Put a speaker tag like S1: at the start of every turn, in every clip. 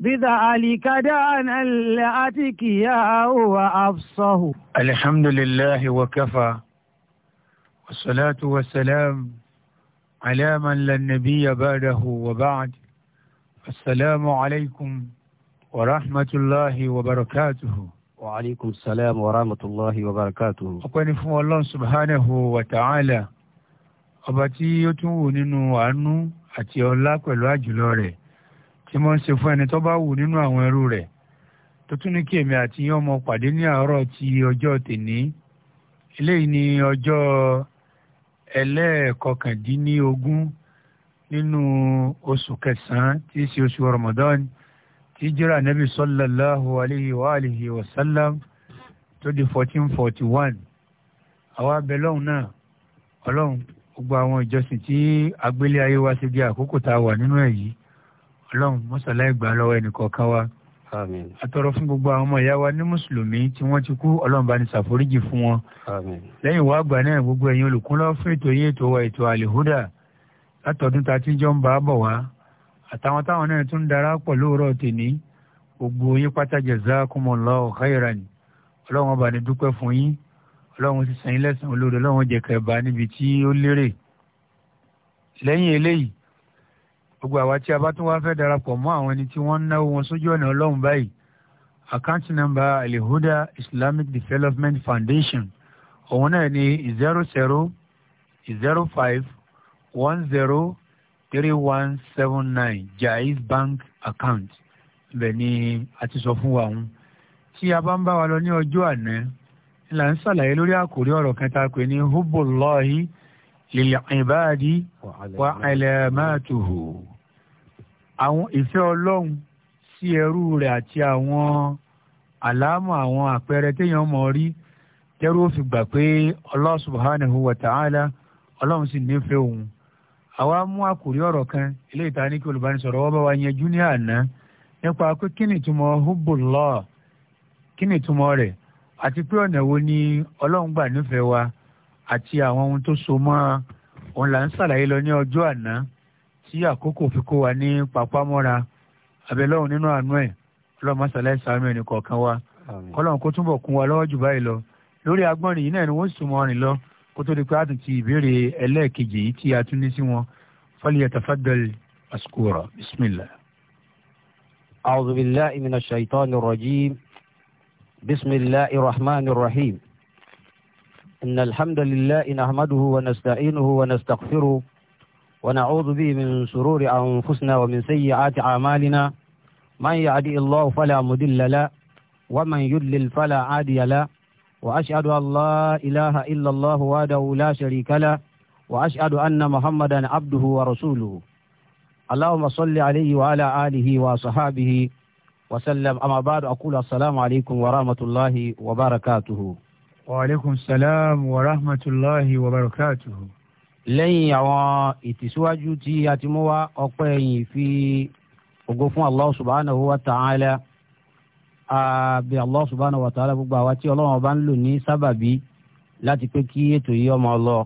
S1: بذلك دعنا العتك يا هو أفصه
S2: الحمد لله وكفى والصلاة والسلام على من لا نبي بعده وبعد السلام عليكم ورحمة الله وبركاته وعليكم السلام ورحمة الله وبركاته أقول ni الله سبحانه وتعالى أبتي ta'ala ọba أتي الله كل wù tí mo ń ṣe fún ẹni tó bá wù nínú àwọn ẹrú rẹ̀ tó tún ní kí èmi àti yín ọmọ pàdé ní àárọ̀ ti ọjọ́ tèní eléyìí ní ọjọ́ ẹlẹ́ẹ̀kọkàndínlógún nínú oṣù kẹsàn tí í ṣe oṣù Ramadan tí jírà nẹ́bí sallallahu alayhi wa alihi wa sallam tó di fourteen forty one àwa abẹ lọ́hùn náà ọlọ́hun gbogbo àwọn ìjọsìn tí agbélé ayé wa ṣe bí àkókò tá a wà nínú ẹ̀ yìí ọlọ́run mọ́sálá ìgbà lọ́wọ́ ẹnìkọ̀ọ̀kan wa àtọ̀rọ̀ fún gbogbo àwọn ọmọ ìyá wa ní mùsùlùmí tí wọ́n ti kú ọlọ́run bá ní ṣàforíjì fún wọn. lẹ́yìn wá àgbà náà gbogbo ẹ̀yin olùkúnlọ́ fún ètò yín ètò wa ètò àlèhúdà látọ̀dún ta ti jọ ń bá a bọ̀ wá àtàwọn táwọn náà tún dara pọ̀ lóòrọ̀ tèmi gbogbo yín pátá jazakumullahu khairan ọlọ́run ọba ní dúpẹ́ ọlọ́run ti gbogbo àwa tí a bá tún wá fẹ́ darapọ̀ mọ́ àwọn ẹni tí wọ́n ń náwó wọn sójú ọ̀nà ọlọ́run báyìí àkáǹtì nọ́mbà alihuda islamic development foundation òun náà ni zero zero zero five one zero three one seven nine Jais bank account ibẹ̀ ni a ti sọ fún wa òun tí a bá ń bá wa lọ ní ọjọ́ àná là ń ṣàlàyé lórí àkòrí ọ̀rọ̀ kan tá a pè ní lil'ibadi wa alamatuhu àwọn ìfẹ́ ọlọ́run sí ẹrú rẹ̀ àti àwọn àlámọ̀ àwọn àpẹẹrẹ téèyàn mọ̀ rí tẹ́rù ó fi gbà pé Allah subhanahu wa ta'ala ọlọ́run sì nífẹ̀ẹ́ òun àwa mú àkòrí ọ̀rọ̀ kan eléyìí ta ní kí olùbánisọ̀rọ̀ wọ́n bá wa yanjú ní àná nípa pé kí ni ìtumọ̀ hubbullah kí ni ìtumọ̀ rẹ̀ àti pé ọ̀nà wo ni ọlọ́run gbà nífẹ̀ẹ́ wa àti àwọn ohun tó so mọ́ òun là ń ṣàlàyé lọ ní ọjọ́ àná tí àkókò fi kó wa ní papámọ́ra abẹ́lọ́run nínú àánú ẹ̀ ọlọ́mọ sàlẹ̀ sàánú ẹnì kọ̀ọ̀kan wa kọ́lọ́run kó túbọ̀ kún wa lọ́wọ́ jù báyìí lọ lórí agbọ́nrin yìí náà ni wọ́n sì mọ ọrìn lọ kó tó di pé a tún ti ìbéèrè ẹlẹ́ẹ̀kejì yìí tí a tún ní sí wọn falyatafaddal maskura bismillah.
S3: a'udhu billahi minash shaitani rajim bismillahir rahmanir rahim. إن الحمد لله نحمده ونستعينه ونستغفره ونعوذ به من شرور أنفسنا ومن سيئات أعمالنا من يهدي الله فلا مضل له ومن يضلل فلا هادي له وأشهد أن لا إله إلا الله وحده لا شريك له وأشهد أن محمدا عبده ورسوله اللهم صل عليه وعلى آله وصحابه وسلم أما بعد أقول السلام عليكم ورحمة الله وبركاته
S2: waaleykum salaam wa rahmatulahi wa barakatuhu.
S3: lẹ́yìn àwọn ìtẹ̀síwájú tí a ti mú wá ọpẹ́ yìí fi ògo fún allah subhanahu wa ta'ala àbí allah subhanahu wa ta'ala gbogbo àwa tí ọlọ́run ọba ń lò ní sábàbí láti pé kí ètò yìí ọmọ lọ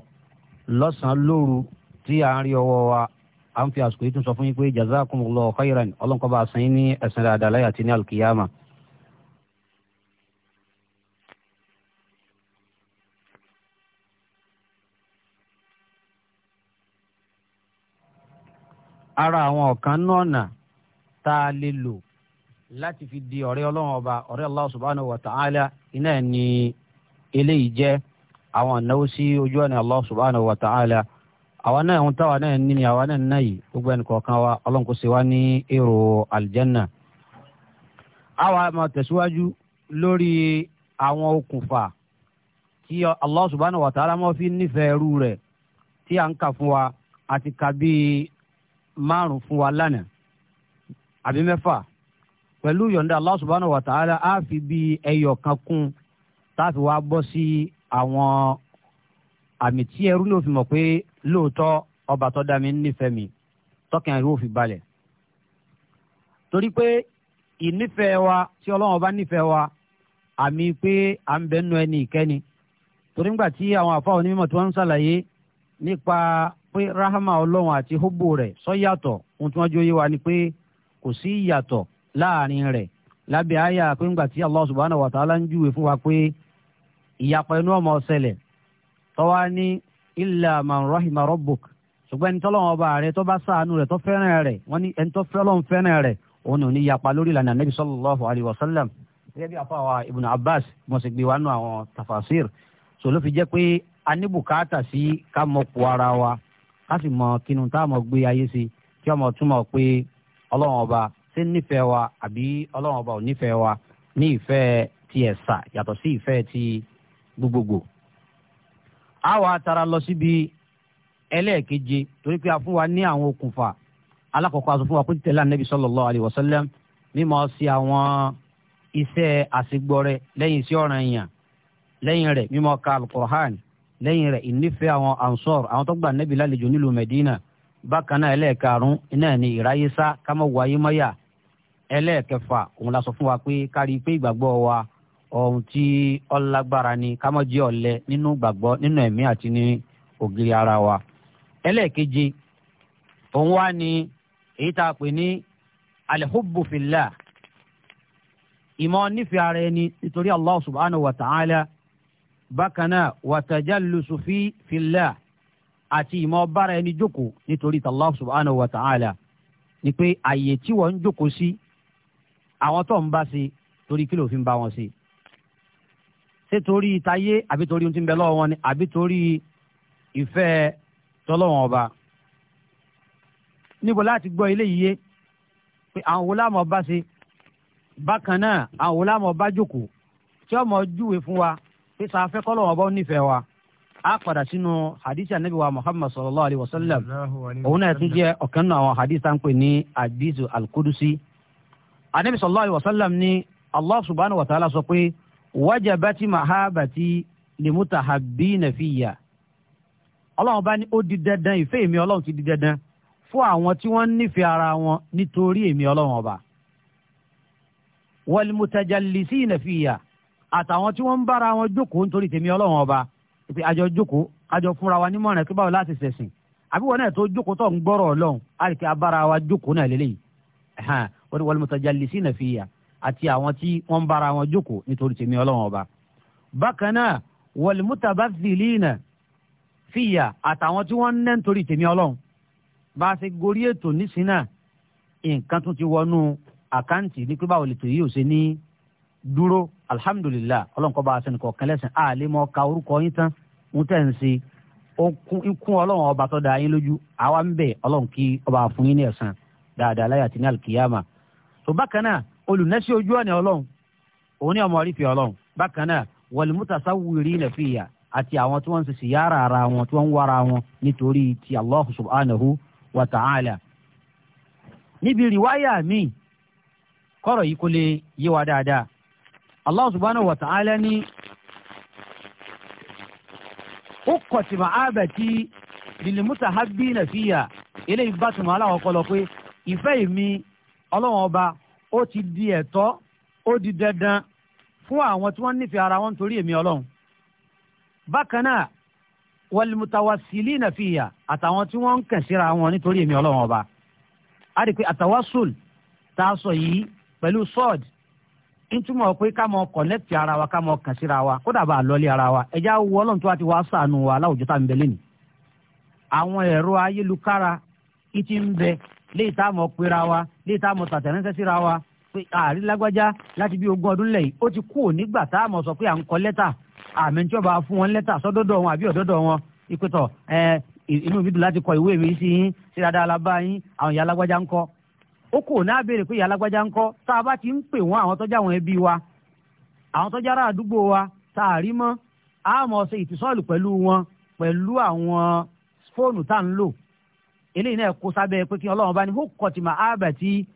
S3: lọ́sàn-án lóru tí à ń rí ọwọ́ wa à ń fi àsìkò yìí tún sọ fún yín pé jazakumullahu khairan ọlọ́nkọ́ bá a sàn yín ní ẹ̀sìn dáadáa láyà àti ní alkiyama. ara àwọn ọ̀kan náà na tá a lè fi di ọ̀rẹ́ ọlọ́run ọba ọ̀rẹ́ Allah subhanahu wa ta'ala iná ni eléyìí jẹ́ àwọn ànáwó sí ojú ọ̀nà Allah subhanahu wa ta'ala àwa náà ń náà ní ni àwa náà ń wa ọlọ́run kò ṣe wá ní èrò àlìjẹ́nà. àwa máa tẹ̀síwájú lórí àwọn okùnfà tí Allah subhanahu wa ta'ala máa fi nífẹ̀ẹ́ rú rẹ̀ tí à ń kà fún wa àti kà márùn fún wa lánàá àbí mẹ́fà pẹ̀lú yọ̀ǹda Allah subhanahu wa ta'ala á fi bí ẹyọ kan kún tá a fi wá bọ́ sí àwọn àmì tí ẹrú ló fi mọ̀ pé lóòótọ́ ọba tó dá mi nífẹ̀ẹ́ mi tọ́kàn ẹrú ò fi balẹ̀. torí pé ìnífẹ̀ẹ́ wa tí ọlọ́run ọba nífẹ̀ẹ́ wa àmì pé à ń bẹ nínú ẹni ìkẹ́ni torí ńgbà tí àwọn àfáà onímọ̀ tí wọ́n ń ṣàlàyé nípa pé rahama ọlọ́run àti hobo rẹ̀ sọ́yàtọ̀ ohun tí wọ́n jó yé wa ni pé kò sí ìyàtọ̀ láàrin rẹ̀ lábẹ́ àyà pé ńgbà tí allah subhanahu wa ta'ala ń júwe fún wa pé ìyapa inú ọmọ ọsẹlẹ̀ tọ́wá ní illa man rahima rabbuk ṣùgbọ́n ẹni tọ́lọ́wọ́n ọba rẹ̀ tó bá ṣàánú rẹ̀ tó fẹ́ràn rẹ̀ wọ́n ní ẹni tó fẹ́ràn fẹ́ràn rẹ̀ òun ní yapa lórí ìlànà nabi sallallahu alayhi wa sallam gẹ́gẹ́ bí àfa wa ibn abbas mo wa nù àwọn tafasir so ló fi jẹ́ pé a ní bùkátà sí ká mọ̀ kó ara wa ká sì mọ kínú tá a mọ gbé ayé sí kí ọmọ túmọ̀ pé ọlọ́run ọba ṣé nífẹ̀ẹ́ wa àbí ọlọ́run ọba ò nífẹ̀ẹ́ wa ní ìfẹ́ ti ẹ̀sà yàtọ̀ sí ìfẹ́ ti gbogbogbò. a wà tara lọ síbi ẹlẹ́ẹ̀keje torí pé a fún wa ní àwọn okùnfà alákọ̀ọ́kọ́ a sọ fún wa pé títẹ̀lé ànábì sallallahu alaihi wasallam mímọ́ sí àwọn iṣẹ́ àṣegbọ́rẹ́ lẹ́yìn sí ọ̀ràn èèyàn lẹ́yìn rẹ̀ mímọ́ ka alukur'an lẹ́yìn rẹ̀ ìnífẹ̀ẹ́ àwọn ansor àwọn tó gba nẹ́bí lálejò nílùú medina bákan náà ẹlẹ́ẹ̀karùn náà ni ìráyésá kámọ́ wáyé mọ́yà ẹlẹ́ẹ̀kẹfà òun la sọ fún wa pé kárí pé ìgbàgbọ́ wa ohun tí ọlágbára ni kámọ́ jẹ́ ọ̀lẹ nínú gbàgbọ́ nínú ẹ̀mí àti ní ògiri ara wa ẹlẹ́ẹ̀keje òun wá ni èyí tá a pè ní alihubbu ìmọ̀ nífẹ̀ẹ́ ara ẹni nítorí allah subhanahu wa ta'ala bákan náà wàtàjálùsù fi fillah àti ìmọ̀ bára ẹni jókòó nítorí Allah subhanahu wa ta'ala ni pé àyè tí wọ́n ń jókòó sí àwọn tó ń bá sí torí kí ló fi ń bá wọn sí. ṣé torí tayé àbí torí ohun tí ń bẹ lọ́wọ́ wọn ni àbí torí ìfẹ́ tọ́lọ́wọ́n ọba. níbo láti gbọ́ ilé yìí yé pé àwọn wòlámọ̀ bá ṣe bákan àwọn wòlámọ̀ bá jókòó tí ọmọ júwe fún wa pé tá a fẹ́ kọ́lọ̀ ọba nífẹ̀ẹ́ wa a padà sínú hadith anabi wa muhammad sallallahu alayhi wa sallam òun náà tún jẹ́ ọ̀kan náà àwọn hadith tán pè ní hadith al anabi sallallahu alayhi wa sallam ní allah subhanahu wa ta'ala sọ pé wajabati mahabati limutahabbina fiyya ọlọ́run bá ní ó di dandan ìfẹ́ èmi ọlọ́run ti di dandan fún àwọn tí wọ́n nífẹ̀ẹ́ ara wọn nítorí èmi ọlọ́run ọba wal mutajallisina fiyya àtàwọn tí wọ́n ń bára wọn jókòó nítorí tèmi ọlọ́run ọba pé àjọ jókòó àjọ fúnra wa nímọ̀ràn pé báwo láti ṣẹ̀sìn àbí wọn náà tó jókòó tó ń gbọ́rọ̀ ọlọ́run àríkè abára wa jókòó náà lélẹ́yìí wọ́n ní wal mutajallisina fiya àti àwọn tí wọ́n ń bára wọn jókòó nítorí tèmi ọlọ́run ọba bákan náà wal mutabazzilina fiya àtàwọn tí dúró alihamudulilayi ọlọ́run kó bá aṣọ nìkan kẹlẹ́sìn àlèmọ́ ka orúkọ yín tán ń tẹ̀ ń ṣe ikún ọlọ́run ọba tó da yín lójú àwa ń bẹ̀ ọlọ́run kí ọba fún yín ní ẹ̀san dáadáa láyà tí ní alkiyama tó bákan náà olùnẹ́sí ojú ọ̀nà ọlọ́run òun ní ọmọ orífẹ́ ọlọ́run bákan náà wọlùmútàsá wùrí ilẹ̀ fìyà àti àwọn tí wọ́n ń sisi yára ara wọn tí wọ́n ń wára wọn nítorí ti allah subhanahu wa ta'ala níbi rìwáyà míì kọ́rọ̀ yìí kò lè yé wa dáadáa Allah subhanahu wa ta'ala ni ó kọ̀ tí mà á bẹ̀ tí lìlìmúta ha bí nà fìyà eléyìí bá tùmọ̀ aláwọ̀ kọ́ lọ pé ìfẹ́ ìmí ọlọ́wọ́n ọba ó ti di ẹ̀tọ́ ó di dandan fún àwọn tí wọ́n nífẹ̀ẹ́ ara wọn nítorí èmi ọlọ́run bákan náà wàlìmùtàwàsílì nà fìyà àtàwọn tí wọ́n ń kàn síra wọn nítorí èmi ọlọ́run ọba á rí i tá a sọ yìí pẹ̀lú sọ́ọ̀dì ìtumọ̀ pé ká mọ kọ̀nẹ́tì ara wa ká mọ kàn síra wa kódà bá a lọ́lé ara wa ẹ̀já wo ọlọ́run ti wá sànù wa aláwùjọ tá à bẹ lẹ́nu. àwọn ẹ̀rọ ayélukára ìtì ń bẹ tá a wa léyìí tá a mọ tàtẹ̀rẹ́nsẹ́ síra wa pé àárí lágbájá láti bí ogún ọdún lẹ́yìn ó ti kú ònígbà tá a mọ sọ pé à ń kọ lẹ́tà àmì fún wọn lẹ́tà kọ ìwé mi sí yín sí dáadáa yín àwọn ó kò ní àbèrè pé bá ti ń pè wọ́n àwọn tọ́jà àwọn ẹbí wa àwọn tọ́jà àdúgbò wa tá a rí mọ a mọ pẹ̀lú wọn pẹ̀lú àwọn fóònù tá à ń lò eléyìí náà kó sábẹ́ pé kí ọlọ́run bá ní tí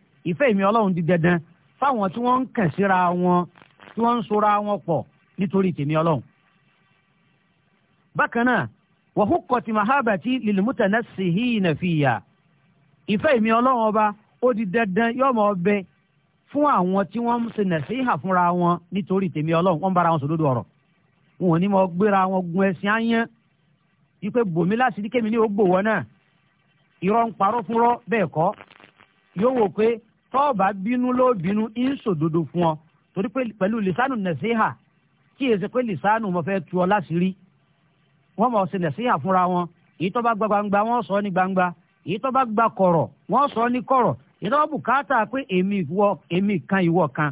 S3: mi di dandan fáwọn tí ń síra wọn tí ń sora wọn nítorí ó di dandan yóò mọ ọbẹ fún àwọn tí wọ́n ń ṣe nàṣíhà fúnra wọn nítorí tèmi Ọlọ́run wọ́n bára wọn sòdodo ọ̀rọ̀ wọn ò ní mọ gbéra wọn gun ẹ̀sìn áyán ipe bòmí láṣìírí kémi ní ògbò wọn náà irọ́ ń parọ́ fúnrọ́ bẹ́ẹ̀ kọ́ yóò wò pé tọ́ọ̀bà bínú ló bínú ń sòdodo fún ọ torí pé pẹ̀lú lisanu nàṣíhà kí èsì pé lisanu mo fẹ́ tu ọ láṣìírí wọ́n mọ̀ ṣe nàṣíhà fúnra wọn èyí tó bá gba gbangba wọ́n sọ ní gbangba èyí tó bá gba kọ̀rọ̀ wọ́n sọ ní kọ̀rọ̀ ìtọ́ bùkátà pé èmi ìwọ èmi kan ìwọ kan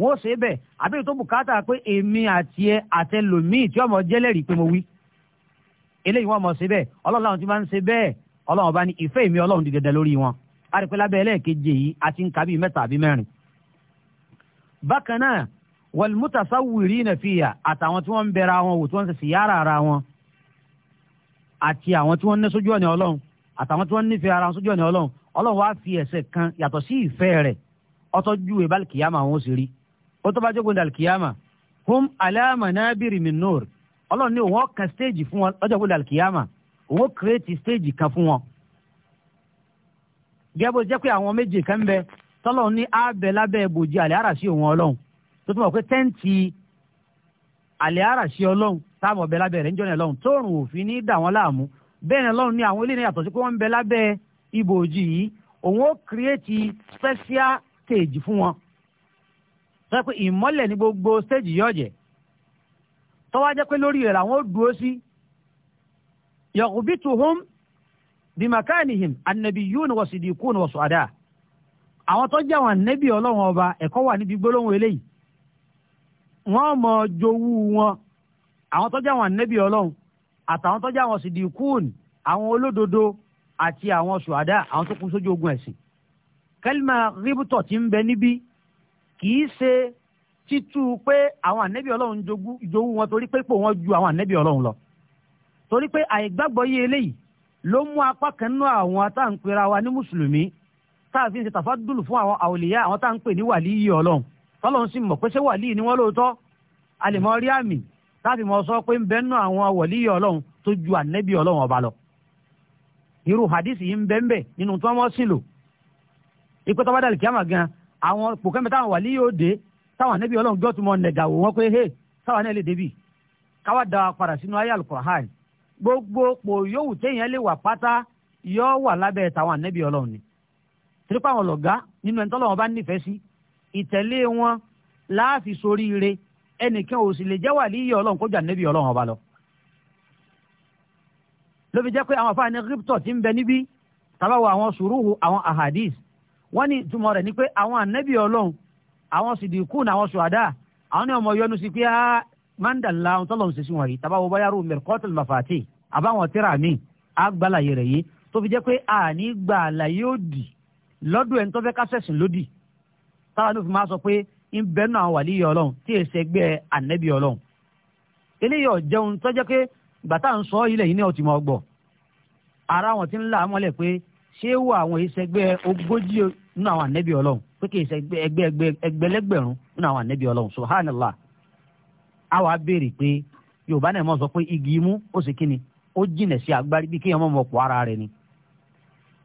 S3: wọ́n ṣe bẹ́ẹ̀ àbí ìtọ́ bùkátà pé èmi àti ẹ àtẹlòmíì tí ọmọ jẹ́lẹ̀rì pé mo wí eléyìí wọ́n mọ̀ ṣe bẹ́ẹ̀ ọlọ́run làwọn ti máa ń ṣe bẹ́ẹ̀ ọlọ́run ọba ní ìfẹ́ èmi ọlọ́run di dandan lórí wọn àdìpẹ́ lábẹ́ ẹlẹ́ẹ̀keje yìí àti ń ka bíi mẹ́ta àbí mẹ́rin. bákan náà wal-mutasawwirina fiha àtàwọn tí wọ́n ń bẹ̀rẹ̀ àwọn wò tí wọ́n ń sèṣì yára ara wọn àti àwọn tí wọ́n ń ní sójú ọ̀nà ọlọ́run àtàwọn tí wọ́n ń nífẹ̀ẹ́ ara wọn sójú ọ̀nà ọlọ́run ọlọ́run wá fi ẹ̀ṣẹ̀ kan yàtọ̀ sí ìfẹ́ rẹ̀ ọtọ́jú ìbá kìyàmà wọn sì rí ó tó bá jókòó ní alkiyama hum alama nabiri min nur ọlọ́run ní òun ọkàn stéèjì fún wọn lọ́jọ́ gbọ́dọ̀ alkiyama òun ó kírètì stéèjì kan fún wọn. gẹ́gẹ́ bó jẹ́ pé àwọn méje kan bẹ tọ́lọ́run ní abẹ lábẹ́ bòjì àlẹ́ àràṣí òun ọlọ́run tó túmọ̀ pé tẹ́ǹtì àlẹ́ àràṣí ọlọ́run táàmù ọbẹ̀ lábẹ́ rẹ̀ ń jọ́nà ọlọ́run tóòrùn òfin ní dà láàmú bẹ́ẹ̀ ni ọlọ́run ní àwọn ilé yàtọ̀ sí pé wọ́n ń bẹ lábẹ́ ibòji yìí òun ó kírètì special stage fún wọn sọ pé ìmọ́lẹ̀ ní gbogbo stage yóò jẹ́ tọ́wọ́ jẹ́ pé lórí rẹ̀ làwọn ó dúró sí yaghbituhum bimakanihim annabiyun wa sidikun wa suada àwọn tó jẹ́ àwọn ànábì ọlọ́run ọba ẹ̀kọ́ wà níbi gbólóhùn eléyìí wọ́n mọ jowú wọn àwọn tó jẹ́ àwọn ànábì ọlọ́run àtàwọn tó jẹ́ àwọn sidikun àwọn olódodo àti àwọn ṣùhádà àwọn tó kún sójú ogun ẹ̀sìn kẹlímà ríbùtọ̀ ti ń bẹ níbí kì í ṣe títú pé àwọn ànẹ́bí ọlọ́run jowú wọn torí pé pò wọn ju àwọn ànẹ́bí ọlọ́run lọ torí pé àìgbàgbọ́ yé eléyìí ló mú apá kan nínú àwọn atáǹpera wa ní mùsùlùmí táàfin ṣe tàfádùlù fún àwọn àwòlíyá àwọn táǹpè ní wàlíyí ọlọ́run tọ́lọ́run sì mọ̀ pé ṣé wàlíyí ni wọ́n lóòótọ́ àlèmọ́ rí àmì táàfin mọ̀ sọ pé ń bẹ́ẹ̀ nù àwọn wàlíyí ọlọ́run tó ju ànẹ́bí ọlọ́run ọba lọ irú hadith yìí ń bẹ́ẹ̀ bẹ́ẹ̀ nínú tí wọ́n sì lò ipò tó bá dàlí kíámà gan àwọn pòkẹ́mẹ́ táwọn wà líyò dé táwọn anábì ọlọ́run gbọ́ tó mọ nẹ̀dà wò wọ́n pé hé táwọn náà lè débì káwá da padà sínú ayé alukur'an gbogbo pò yòówù téèyàn lè wà pátá yọ wà lábẹ́ táwọn anábì ọlọ́run ni tìrìpá àwọn lọ̀gá nínú ẹni tọ́lọ́wọ́n bá nífẹ̀ẹ́ sí ìtẹ̀lé wọn láàfin soríire ẹnìkan ò sì lè jẹ́ wà líyò ọlọ́run kó jà anábì ọlọ́run ọba lọ ló fi jẹ́ pé àwọn afáàní kírípítọ̀ ti ń bẹ níbí tábà wọ àwọn sùúrùhù àwọn ahadis wọ́n ní ìtumọ̀ rẹ̀ ni pé àwọn ànábì ọlọ́run àwọn sìdìkún àwọn sùhàdà àwọn ní ọmọ yọnu sí pé á mandala ohun tọ́lọ̀ ń ṣe sí wọn yìí tábà wọ báyàrú mẹ́rìkọ́tìl mafati àbáwọn tíra mi àgbàlàyé rẹ̀ yìí tó fi jẹ́ pé àní gbà àlàyé òdì lọ́dún ẹni tó fẹ́ kásẹ̀sìn lódì táwa ní òfin máa sọ pé gbàtà ń sọ ilẹ̀ yìí ní ọtí mọ́ ara wọn ti ń là á mọ́lẹ̀ pé ṣé wọ àwọn ìṣẹ́gbẹ́ ogójì nínú àwọn ànẹ́bí ọlọ́run pé kì í ṣe ẹgbẹ́ ẹgbẹ́lẹ́gbẹ̀rún nínú àwọn ànẹ́bí ọlọ́run subhanallah a wàá béèrè pé yorùbá náà mọ̀ sọ pé igi imu ó sì kíni ó jìnà sí agbárí bí kéèyàn mọ̀ pọ̀ ara rẹ̀ ni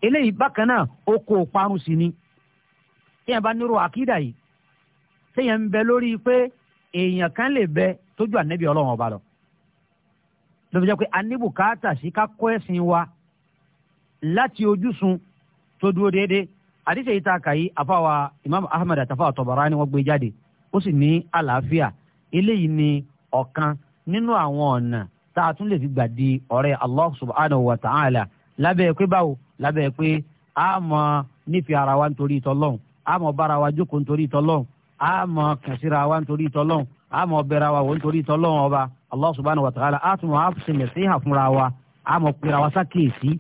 S3: eléyìí bákan náà ó kó o parun sí ni bá nírò àkídà yìí ń bẹ lórí pé èèyàn kan ọba lọ ló fi jẹ́ pé a ní bùkátà sí ká kọ́ ẹ̀sìn wa láti ojúsun tó dúró déédéé àdìsẹ́ yìí tá a kà yí àfàwà imam ahmed àtàfà Tabarani wọ́n gbé jáde ó sì ní àlàáfíà eléyìí ni ọ̀kan nínú àwọn ọ̀nà tá a tún lè fi gbà di ọ̀rẹ́ allah subhanahu wa ta'ala lábẹ́ pé báwo lábẹ́ pé a mọ̀ nífẹ̀ẹ́ ara wa nítorí tọ́lọ́hún a mọ̀ bára wa jókòó nítorí tọ́lọ́hún a mọ̀ kàn síra wa nítorí tọ́lọ́hún a mọ̀ bẹ̀rẹ̀ wa wò nítorí tọ́lọ́hún ọba allah subhanahu wa ta'ala a tún wàá ṣe nasiha fúnra wa a mọ̀ pera wa sákèésí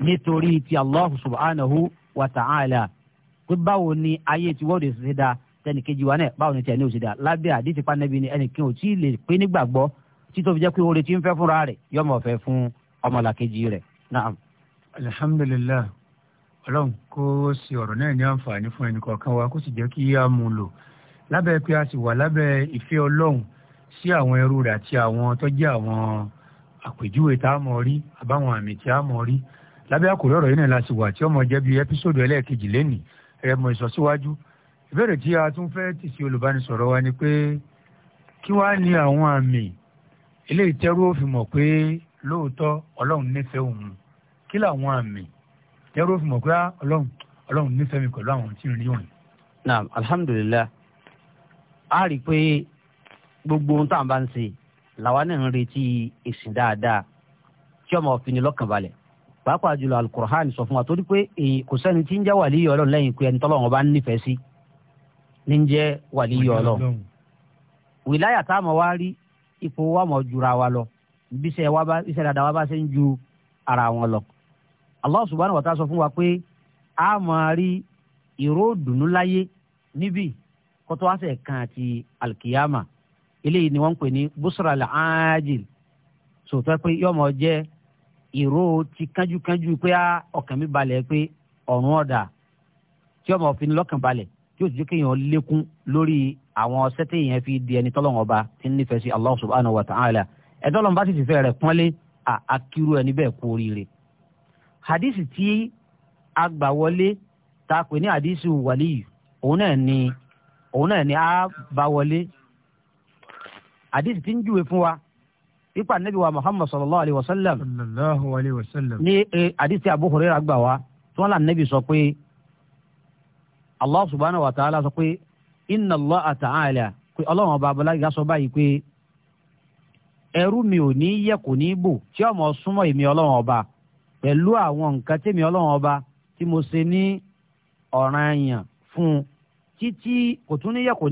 S3: nítorí ti allah subhanahu wa ta'ala pé báwo ni ayé tí wọ́n ò ṣe dáa tẹnìkejì wa náà báwo ni tẹ̀lé ò ṣe dáa lábẹ́ àdìsí pánẹ́bí ni ẹnìkan ò tí ì lè pé nígbàgbọ́
S2: títọ́ fi jẹ́ pé oore tí ń fẹ́ fúnra rẹ̀ yọmọ fẹ́ fún
S3: ọmọlàkejì rẹ̀ naam.
S2: alhamdulilayi ọlọ́run kó sì ọ̀rọ̀ náà ní àǹfààní fún ẹnìkọ̀ọ̀kan wa kó sì jẹ́ kí á mú un lò lábẹ́ pé a sì wà lábẹ́ ìfẹ́ ọlọ́run sí àwọn ẹrú rẹ̀ àti àwọn tó jẹ́ àwọn àpèjúwe tá a mọ̀ rí àbáwọn àmì tí a mọ̀ rí lábẹ́ àkórí ọ̀rọ̀ yìí náà la sì wà tí ọmọ jẹ́ bíi ẹ́písòdù ẹlẹ́ẹ̀kejì lẹ́nìí ẹ̀rẹ́ ìsọsíwájú ìbéèrè tí a tún fẹ́ tì olùbánisọ̀rọ̀ wa ni pé kí wàá ní àwọn àmì eléyìí tẹ́rú òfin mọ̀ pé lóòótọ́ ọlọ́run nífẹ̀ẹ́ òun kí làwọn àmì tẹ́rú òfin mọ̀ pé ah, ọlọ́run ọlọ́run nífẹ̀ẹ́ mi pẹ̀lú àwọn tí ń rí òun.
S1: naam
S3: alhamdulilayi
S2: a rí i pé gbogbo ohun tá à ń bá ń
S3: ṣe làwa náà ń retí èsì dáadáa tí ọmọ òfin ni lọ́kàn balẹ̀ pàápàá jùlọ alukur'an sọ fún wa torí pé kò sẹ́ni tí ń jẹ́ wàlíyé ọlọ́run lẹ́yìn pé ẹni tọ́lọ́run ọba ń nífẹ̀ẹ́ sí ní ń jẹ́ wàlíyé ọlọ́run wìláyà tá a mọ̀ wá rí ipò wa mọ̀ jura wa lọ bíṣẹ́ wa bá bíṣẹ́ dáadáa wa bá ṣe ń ju ara wọn lọ Allah subhanahu wa ta'ala sọ fún wa pé a máa rí ìró dùnú láyé níbí kótó wá sẹ̀ kan àti alkiyama eléyìí ni wọ́n ń pè ní busra al-ajil sòtọ́ pé yọmọ jẹ́ ìró ti kánjúkánjú pé ah, ọkàn mi balẹ̀ pé ọ̀run ọ̀dà tí ọmọ òfin lọ́kàn balẹ̀ tí ó ti jẹ́ kéèyàn lékún lórí àwọn ọ̀sẹ́ tí èèyàn fi di ẹni tọ́lọ́wọ́n ọba tí ń nífẹ̀ẹ́ sí Allah subhanahu wa ta'ala ẹ̀dọ́ lọ́n bá sì ti fẹ́ rẹ̀ pọ́nlé àkírú ẹni bẹ́ẹ̀ kú oríire. hadisi tí a gbà wọlé ta pè ní hadisi wàlíyù òun náà ni òun náà ni a bá wọlé àdìsí tin juwe júwe fún wa ipa nabi wa muhammad sallallahu alayhi wa sallam. sallallahu alayhi wa sallam. ní e, abu hurairah nabi allah subhanahu wa ta'ala sọ pé inna allah ta'ala ọba eru mi ọmọ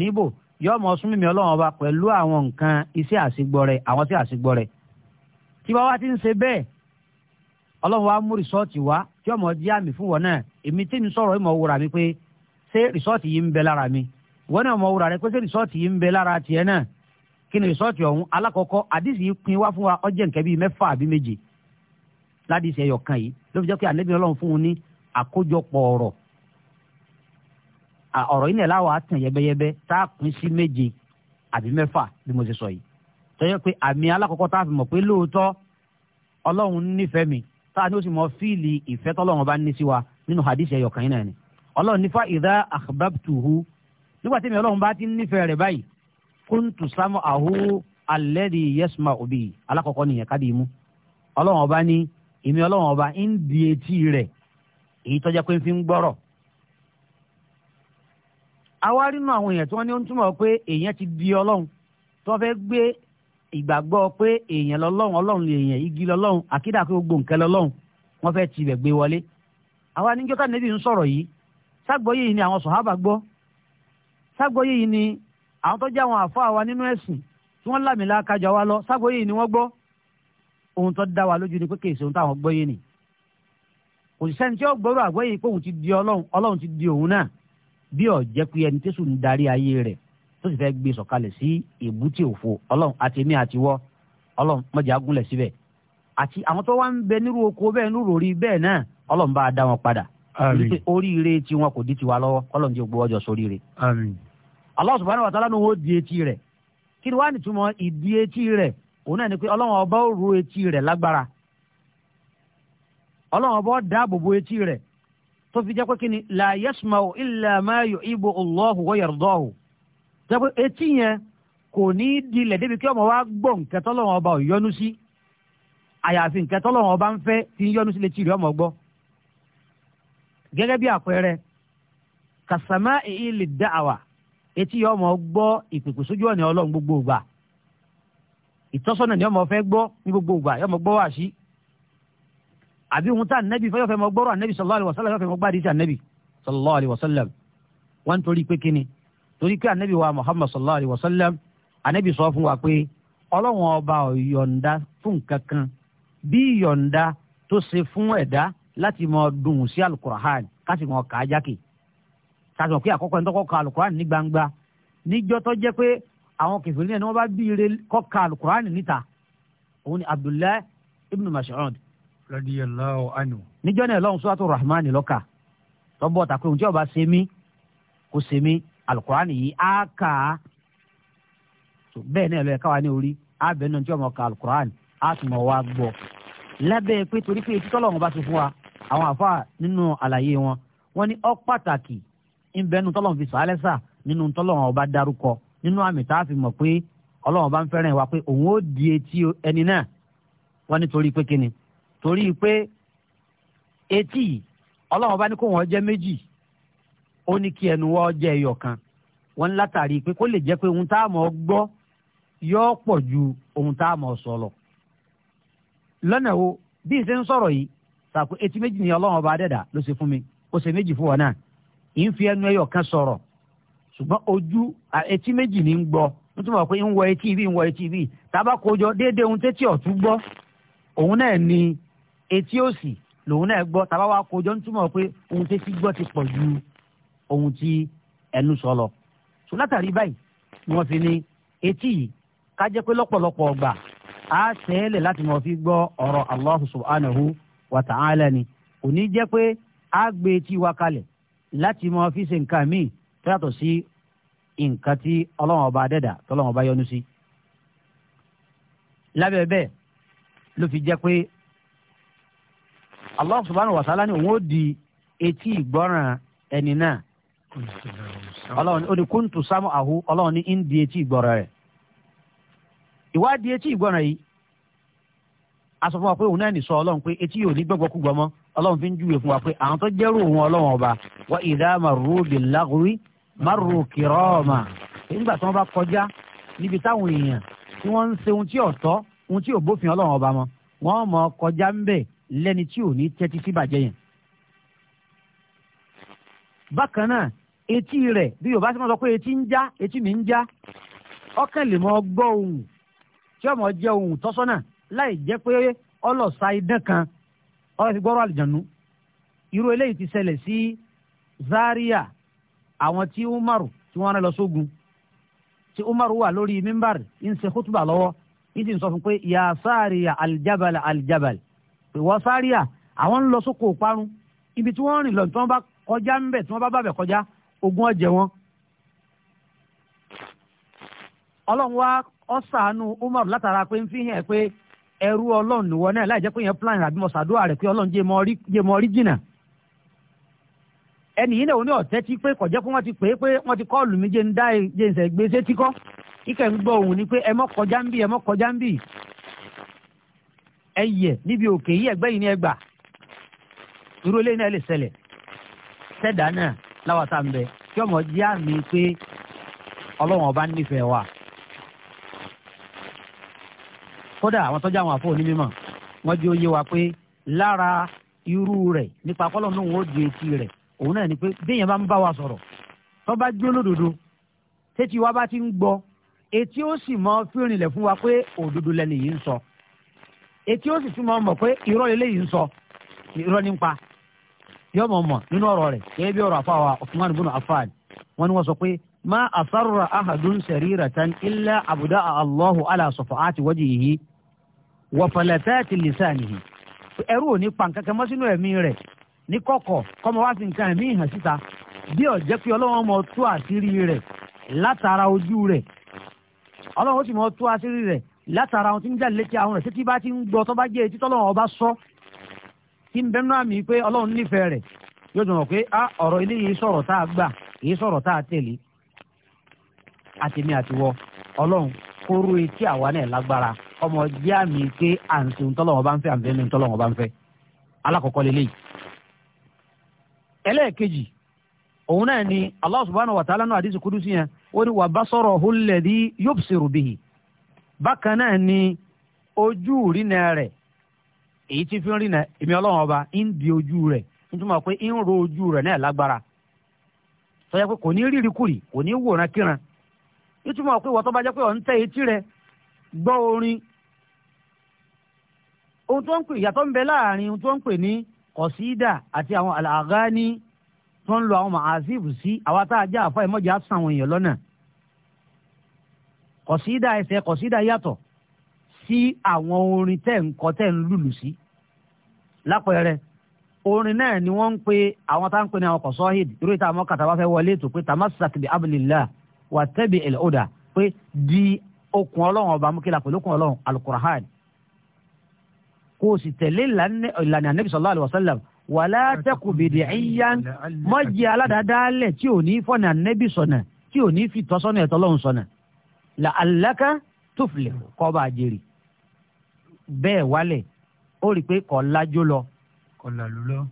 S3: ọba yọ ọmọ súnmímí ọlọ́run ọba pẹ̀lú àwọn nǹkan iṣẹ́ àṣegbọ́rẹ̀ àwọn tí àṣegbọ́rẹ̀ tí wọ́n wá ti ń ṣe bẹ́ẹ̀ ọlọ́run wa mú rìsọ́ọ̀tì wá tí ọmọ jẹ́ àmì fún wọn náà èmi tí mi sọ̀rọ̀ ìmọ̀ wúra mi pé ṣé rìsọ́ọ̀tì yìí ń wọn náà rẹ pé ṣé rìsọ́ọ̀tì yìí ń bẹ lára tiẹ̀ náà kí ni rìsọ́ọ̀tì ọ̀hún alákọ̀ọ́kọ́ àdìsí yìí wa ọjẹ́ nǹkan bíi mẹ́fà àbí méje ládìsí kan yìí ló fi jẹ́ ọ̀rọ̀ yìí nílá wàá tàn yẹ́bẹ́yẹ́bẹ́ tá a pín sí méje àbí mẹ́fà bí mo ṣe sọ yìí tó yẹ pé àmì alákọ̀ọ́kọ́ tá a fi mọ̀ pé lóòótọ́ ọlọ́run nífẹ̀ẹ́ mi tá a ní ó sì mọ fíìlì ìfẹ́ tọ́lọ́run bá ní sí wa nínú hadith ẹ̀yọ̀ yìí náà ni ọlọ́run nífa ìdá àkàbàtùhù nígbà tí mi ọlọ́run bá ti nífẹ̀ẹ́ rẹ̀ báyìí kúntù sámú àhú alẹ́dì yẹ́sùmá òbí alákọ̀ọ́kọ́ nìyẹn ká dìímú ọlọ́run ọba ní ìmí ọlọ́run ọba ń di etí rẹ̀ èyí tọ́jà pé ń fi ń gbọ́rọ̀ àwa rí nù àwọn èèyàn tí wọ́n ní ó ń túmọ̀ pé èèyàn ti di ọlọ́run tó fẹ́ gbé ìgbàgbọ́ pé èèyàn lọ́lọ́run ọlọ́run lè èèyàn igi lọ́lọ́run àkídà pé gbogbo nǹkan lọ́lọ́run wọ́n fẹ́ tibẹ̀ gbé wọlé àwa ní jọ́tà níbi ń sọ̀rọ̀ yìí ságbọ́yé yìí ni àwọn sọ̀hábà gbọ́ ságbọ́yé yìí ni àwọn tó jẹ́ àwọn àfọ́ àwa nínú ẹ̀sìn tí wọ́n lámìlá kájọ wa lọ ságbọ́yé yìí ni wọ́n gbọ́ ohun tó dá wa lójú ni pé kèsì ohun táwọn gbọ́yé ni òṣìṣẹ́ ní tí ó gbọ́rọ̀ àgbọ́yé pé òun ti di ọlọ́run ọlọ́run ti di òun náà bí ọ̀jẹ́ pé ẹni ń darí ayé rẹ̀ tó sì gbé sọ̀kalẹ̀ sí èbúté òfo ọlọ́run àti èmi àti wọ ọlọrun mọ̀jà síbẹ̀ àti àwọn tó wá ń bẹ nírú oko bẹ́ẹ̀ nírú orí bẹ́ẹ̀ náà bá dá wọn padà wípé oríire tí wọn kò di tiwa ọjọ sóríire. ni wọ́n di etí rẹ̀ kí ni wàá ìdí etí rẹ̀ òun náà ni tó fi jẹ́ pé kí ni la yasma'u illa ma yuhibbu Allahu wa yardahu jẹ́ pé etí yẹn kò ní í dilẹ̀ débi kí ọmọ wa gbọ́ nǹkan tọ́lọ́wọ́n ọba ò yọ́nú sí àyàfi nǹkan tọ́lọ́wọ́n ọba ń fẹ́ tí ń yọ́nú sí létí rẹ̀ ọmọ gbọ́ gẹ́gẹ́ bí àpẹẹrẹ kàsàmá ìlì da'wa etí ọmọ gbọ́ ìpèpè sójú ọ̀nà ọlọ́run gbogbo ìgbà ìtọ́sọ́nà ni ọmọ fẹ́ gbọ́ ní gbogbo ìgbà ọmọ gbọ́ wà àbí ohun tá ànábì fẹ́ yọ̀fẹ́ mọ gbọ́rọ̀ ànábì sallallahu alaihi wasallam yọ̀fẹ́ mọ gbádìí sí ànábì sallallahu alaihi wasallam wọ́n ń torí pé kíni torí pé ànábì wa Muhammad sallallahu alaihi wasallam ànábì sọ fún wa pé ọlọ́run ọba ọ̀yọ̀ǹda fún nǹkan kan bí ìyọ̀ǹda tó ṣe fún ẹ̀dá láti mọ dùn sí alukur'an kásì mọ kàá jákè kásì mọ pé àkọ́kọ́ ẹni tọ́kọ́ ka alukur'an ní gbangba níjọ́ tó jẹ́ pé àwọn kẹfìrí náà wọ́n bá bí ire kọ́ ka alukur'an níta òun ni Abdullahi ibn Mas'ud radiyallahu anhu. níjọ́ náà lọ́hùn sọ́tò rahman lọ́kà tọ́bọ̀ tàpé ohun tí ọba ṣe mí kò ṣe mí alukurani yìí á kà á bẹ́ẹ̀ náà lọ́yẹ̀ káwa ní orí á bẹ́ẹ̀ náà tí ọmọ ka alukurani á sì mọ̀ wá gbọ́ lábẹ́ pé torí pé títọ́ lọ́wọ́n bá ṣe fún wa àwọn àfa nínú àlàyé wọn wọ́n ní ó pàtàkì ìbẹ́nu tọ́lọ́wọ́n fi sàálẹ̀ sà nínú tọ́lọ́wọ́n ọba darúkọ nínú àmì tá a fi mọ̀ pé ọlọ́wọ́n bá ń fẹ́ràn wa pé òun ó di etí ẹni náà wọ́n ní torí pé kíni torí pé etí ọlọ́run bá ní kó jẹ́ méjì ó ní kí ẹnu wọ́n jẹ́ ẹyọ kan wọ́n látàrí pé kó lè jẹ́ pé ohun tá a mọ̀ gbọ́ yọ pọ̀ ju ohun tá a mọ̀ sọ lọ. lọ́nà wo bí n ń sọ̀rọ̀ yìí sàkó etí méjì ni ọlọ́run bá dẹ̀dà ló ṣe fún mi ó ṣe kojọ déédéé ohun tẹ́tí ọ̀tún gbọ́ òun náà ni etí òsì lòun náà gbọ́ tàbá wa kojọ́ ń túmọ̀ pé ohun tí etí gbọ́ ti pọ̀ ju ohun tí ẹnu sọ lọ. sọ látàrí báyìí wọ́n fi ní etí yìí ká jẹ́ pé lọ́pọ̀lọpọ̀ ọgbà á sẹ́ẹ̀lẹ̀ láti mọ̀ fi gbọ́ ọ̀rọ̀ Allahu subhanahu wa ta'ala ni kò ní jẹ́ pé á gbé etí wa kalẹ̀ láti mọ̀ fi ṣe nǹkan míì tó yàtọ̀ sí nǹkan tí ọlọ́run ọba adẹ́dà tọ́lọ́run ọba yọ́nú sí. lábẹ́ bẹ́ẹ̀ ló fi jẹ́ pé allah subhanahu wa ta'ala ni òun ó di etí ìgbọ́ràn ẹni náà ọlọ́run ó ní kúntù sámú àhú ọlọ́run ní ń di etí ìgbọ́ràn rẹ̀ ìwádìí etí ìgbọ́ràn yìí a sọ fún wa pé òun náà ní sọ ọlọ́run pé etí yóò ní gbọ́gbọ́kúgbọ́ mọ́ ọlọ́run fi ń júwe fún wa pé àwọn tó jẹ́rù òun ọlọ́run ọba wa idha marru bil lagwi marru kirama nígbà tí wọ́n bá kọjá níbi táwọn èèyàn tí wọ́n ń ṣe ohun tí ò tọ́ ohun tí ò bófin ọlọ́run ọba mọ́ wọ́n mọ̀ kọjá ń bẹ̀ lẹ́ni tí ò ní tẹ́tí sí bàjẹ́ yẹn. bákan náà etí rẹ̀ bí yorùbá ti máa sọ pé etí ń já etí mi ń já ọkàn lè mọ gbọ́ ohùn tí ọmọ jẹ́ ohùn tọ́sọ́nà láì jẹ́ pé ọlọ́sà idán kan ọlọ́sà ti gbọ́rọ̀ àlùjànnú irú eléyìí ti ṣẹlẹ̀ sí Zaria àwọn tí Umaru tí wọ́n rán lọ sógun tí Umaru wà lórí mímbàrì ń ṣe kútùbà lọ́wọ́ ń sì sọ fún pé yà Zaria aljabal aljabal ìwọ sáríà àwọn ń lọ sóko ibi tí wọ́n rìn lọ tí wọ́n bá kọjá ń bẹ̀ tí wọ́n bá bàbẹ kọjá ogun ọjẹ wọn. ọlọ́run wá ọ̀sánú Umar látara pé ń fi hàn pé ẹrú ọlọ́run nìwọ náà láì jẹ́ pé yẹn plan àbí mọ̀sádùá rẹ̀ pé ẹyẹ níbi òkè yìí ẹgbẹ́ yìí ni ẹgbà irú ilé náà lè sẹlẹ̀, sẹ́dá náà láwàtà ń bẹ kí ọmọ jẹ́ àmì pé ọlọ́run ọba nífẹ̀ẹ́ wa kódà àwọn tọ́jú àwọn àfọ onímọ̀ wọ́n jẹ́ oyé wa pé lára irú rẹ̀ nípa kọ́lọ̀ náà wọ́n di etí rẹ̀ òun náà ni pé bá wa sọ̀rọ̀ lódodo tẹ́tí ti ń gbọ́ etí ó sì mọ fírinlẹ̀ fún wa pé òdodo sọ. etí ó sì fi máa mọ̀ pé irọ́ eléyìí ń sọ irọ́ nípa yóò mọ̀ mọ̀ nínú ọ̀rọ̀ rẹ̀ kẹ́ẹ́ bí ọ̀rọ̀ àfàwà Uthman ibn Affan wọn ni wọ́n sọ pé má asarra ahadun sariratan illa abuda allahu ala safa'ati wajhihi wa falatati lisanihi ẹrú ò ní pa mọ́ sínú ẹ̀mí rẹ̀ ní kọ̀kọ̀ kọ́mọ wá sí nǹkan ẹ̀mí hàn síta bí ọ̀jẹ́ pé ọlọ́wọ́n mọ tú àṣírí rẹ̀ látara ojú rẹ̀ ọlọ́wọ́n sì mọ tú àṣírí rẹ̀ látara àwọn tí ń jà létí àwọn rẹ̀ sétí bá ti ń gbọ́ tó bá jẹ́ etí tọ́lọ́run ọba sọ tí ń bẹ́nu àmì pé ọlọ́run nífẹ̀ẹ́ rẹ̀ yóò dùn pé a ah, ọ̀rọ̀ ilé yìí sọ̀rọ̀ tá a gbà kìí sọ̀rọ̀ tá a tẹ̀lé àtèmi àtiwọ ọlọ́run kóró etí àwa náà lágbára ọmọ jẹ́ àmì pé à ń bá ń fẹ́ à ń bá ń fẹ́ alákọ̀ọ́kọ́ lélẹ́yìí ẹlẹ́ẹ̀kejì òun bákan náà ni ojú ìrìnà rẹ̀ èyí tí fi ń èmi ọlọ́run ọba ń di ojú rẹ̀ nítorí pé ń ojú rẹ̀ náà lágbára kò ní rírí kùrì kò ní wòran kíran pé wọ́n tó bá jẹ́ pé ọ̀ ń tẹ etí gbọ́ orin ohun tó ń pè ìyàtọ̀ ń bẹ láàrin ohun tó ń pè ní kọ̀sídà àti àwọn àlàgá ní tó ń lo àwọn màásìfù sí ìmọ̀jà kọ̀sídà ẹsẹ̀ kọ̀sídà yàtọ̀ sí àwọn orin tẹ̀ ń kọ tẹ̀ ń lùlù sí lápẹẹrẹ orin náà ni wọ́n ń pe àwọn tá ń pe ní àwọn kọ̀sọ́hìd irú ìta àwọn kàtàbá fẹ́ wọlé ètò pé tamasak bi abdulillah wà tẹ́bi el oda pé di okùn ọlọ́run ọba mú kí la pẹ̀lú okùn ọlọ́run alukurahan kó o sì tẹ̀lé ìlànà anabi sallallahu alayhi wa sallam wàlá tẹ́kù bìdì ẹ̀yán mọ́jì aládàádáálẹ̀ tí ò ní fọ́nà anabi sọ̀nà tí ò ní fi tọ́sọ́nà ẹ̀tọ́ ọlọ́run sọ̀nà. La tuflihu kọ́ bá jèrè bẹ́ẹ̀ wálẹ̀ ó rí i pé kọ́ lájó lọ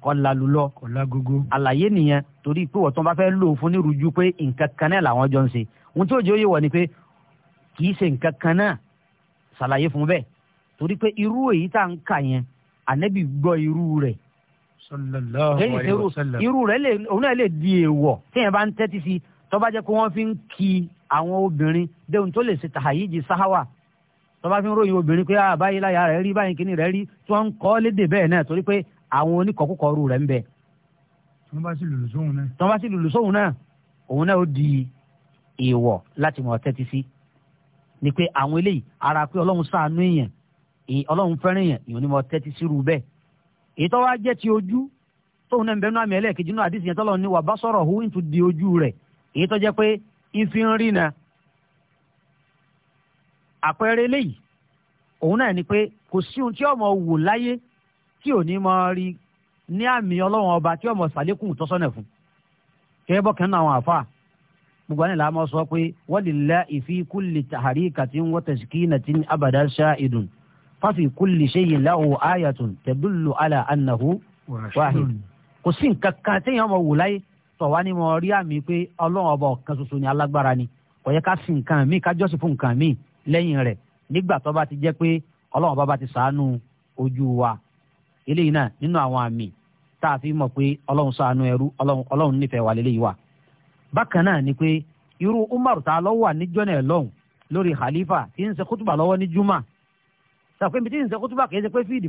S3: kọ́ lalu lọ kọ́ lagogo àlàyé nìyẹn torí pé wọ́n tó bá fẹ́ lò fún ní rújú pé nǹkan kan náà làwọn jọ ń ṣe ohun tí ó jẹ́ òye wọ̀ ni pé kì í ṣe nǹkan kan náà ṣàlàyé fún bẹ́ẹ̀ torí pé irú èyí tá à kà yẹn ànábì gbọ́ irú rẹ̀ irú rẹ̀ òun náà lè di èèwọ̀ téèyàn bá ń tẹ́tí sí tó bá wọ́n fi ń kí àwọn obìnrin déhùn tó lè ṣe tàhàyíjì sáháwà tọ́ba fi ń ròyìn obìnrin pé ah, báyìí láyà rẹ̀ rí báyìí kíní rẹ̀ rí tí wọ́n ń kọ́ lédè bẹ́ẹ̀ náà torí pé àwọn oníkọ̀kúkọ̀ọ́rù rẹ̀ ń bẹ.
S2: tọ́wọ́n bá sì lùlù sóhun
S3: náà. tọ́wọ́n bá sì lùlù sóhun náà òun náà ó di èèwọ̀ láti mọ̀ tẹ́tí sí ni pé àwọn eléyìí ara pé ọlọ́run ṣàánú èèyàn ọlọ́run fẹ́ràn èèyàn ìyọ̀n ni mọ̀ tẹ́tí sí rú bẹ́ẹ̀ èyí tọ́wọ́ á jẹ́ ti ojú tóun náà ń bẹnu àmì ẹlẹ́ẹ̀kejì náà àdìsí yẹn tọ́lọ́ ni wà bá sọ̀rọ̀ ìfi ń rí na àpẹẹrẹ eléyìí òun náà ni pé kò sí ohun tí ọmọ wò láyé tí ò ní mọ rí ní àmì ọlọ́run ọba tí ọmọ sàlékùn tọ́sọ́nà fún kẹ́ẹ́ bọ́ kẹ́ńtà àwọn àfáà gbogbo àná làá mọ sọ pé walillahi fi kulli tahrikatin wa tazkinatin abada sha'idun fáfi kulli shay'in lahu ayatun tadullu ala annahu wahid kò sí nǹkan kan téèyàn ọmọ wò láyé tọ̀wá ni mo rí àmì pé ọlọ́run ọba ọ̀kan ṣoṣo ni alágbára ni kò yẹ ká sin nǹkan míì ká jọ́sìn fún nǹkan míì lẹ́yìn rẹ̀ nígbà tó bá ti jẹ́ pé ọlọ́run ọba bá ti sàánú ojú wa eléyìí náà nínú àwọn àmì tá a fi mọ̀ pé ọlọ́run sàánú ẹrú ọlọ́run nífẹ̀ẹ́ wa lélẹ́yìí wa bákan náà ni pé irú umaru tá a lọ́wọ́ wà níjọ́ náà lọ́hùn lórí khalifa tí ń ṣe kútùbà lọ́wọ́ ní juma sàpé mi tí ń ṣe kútùbà kì í ṣe pé fíìdì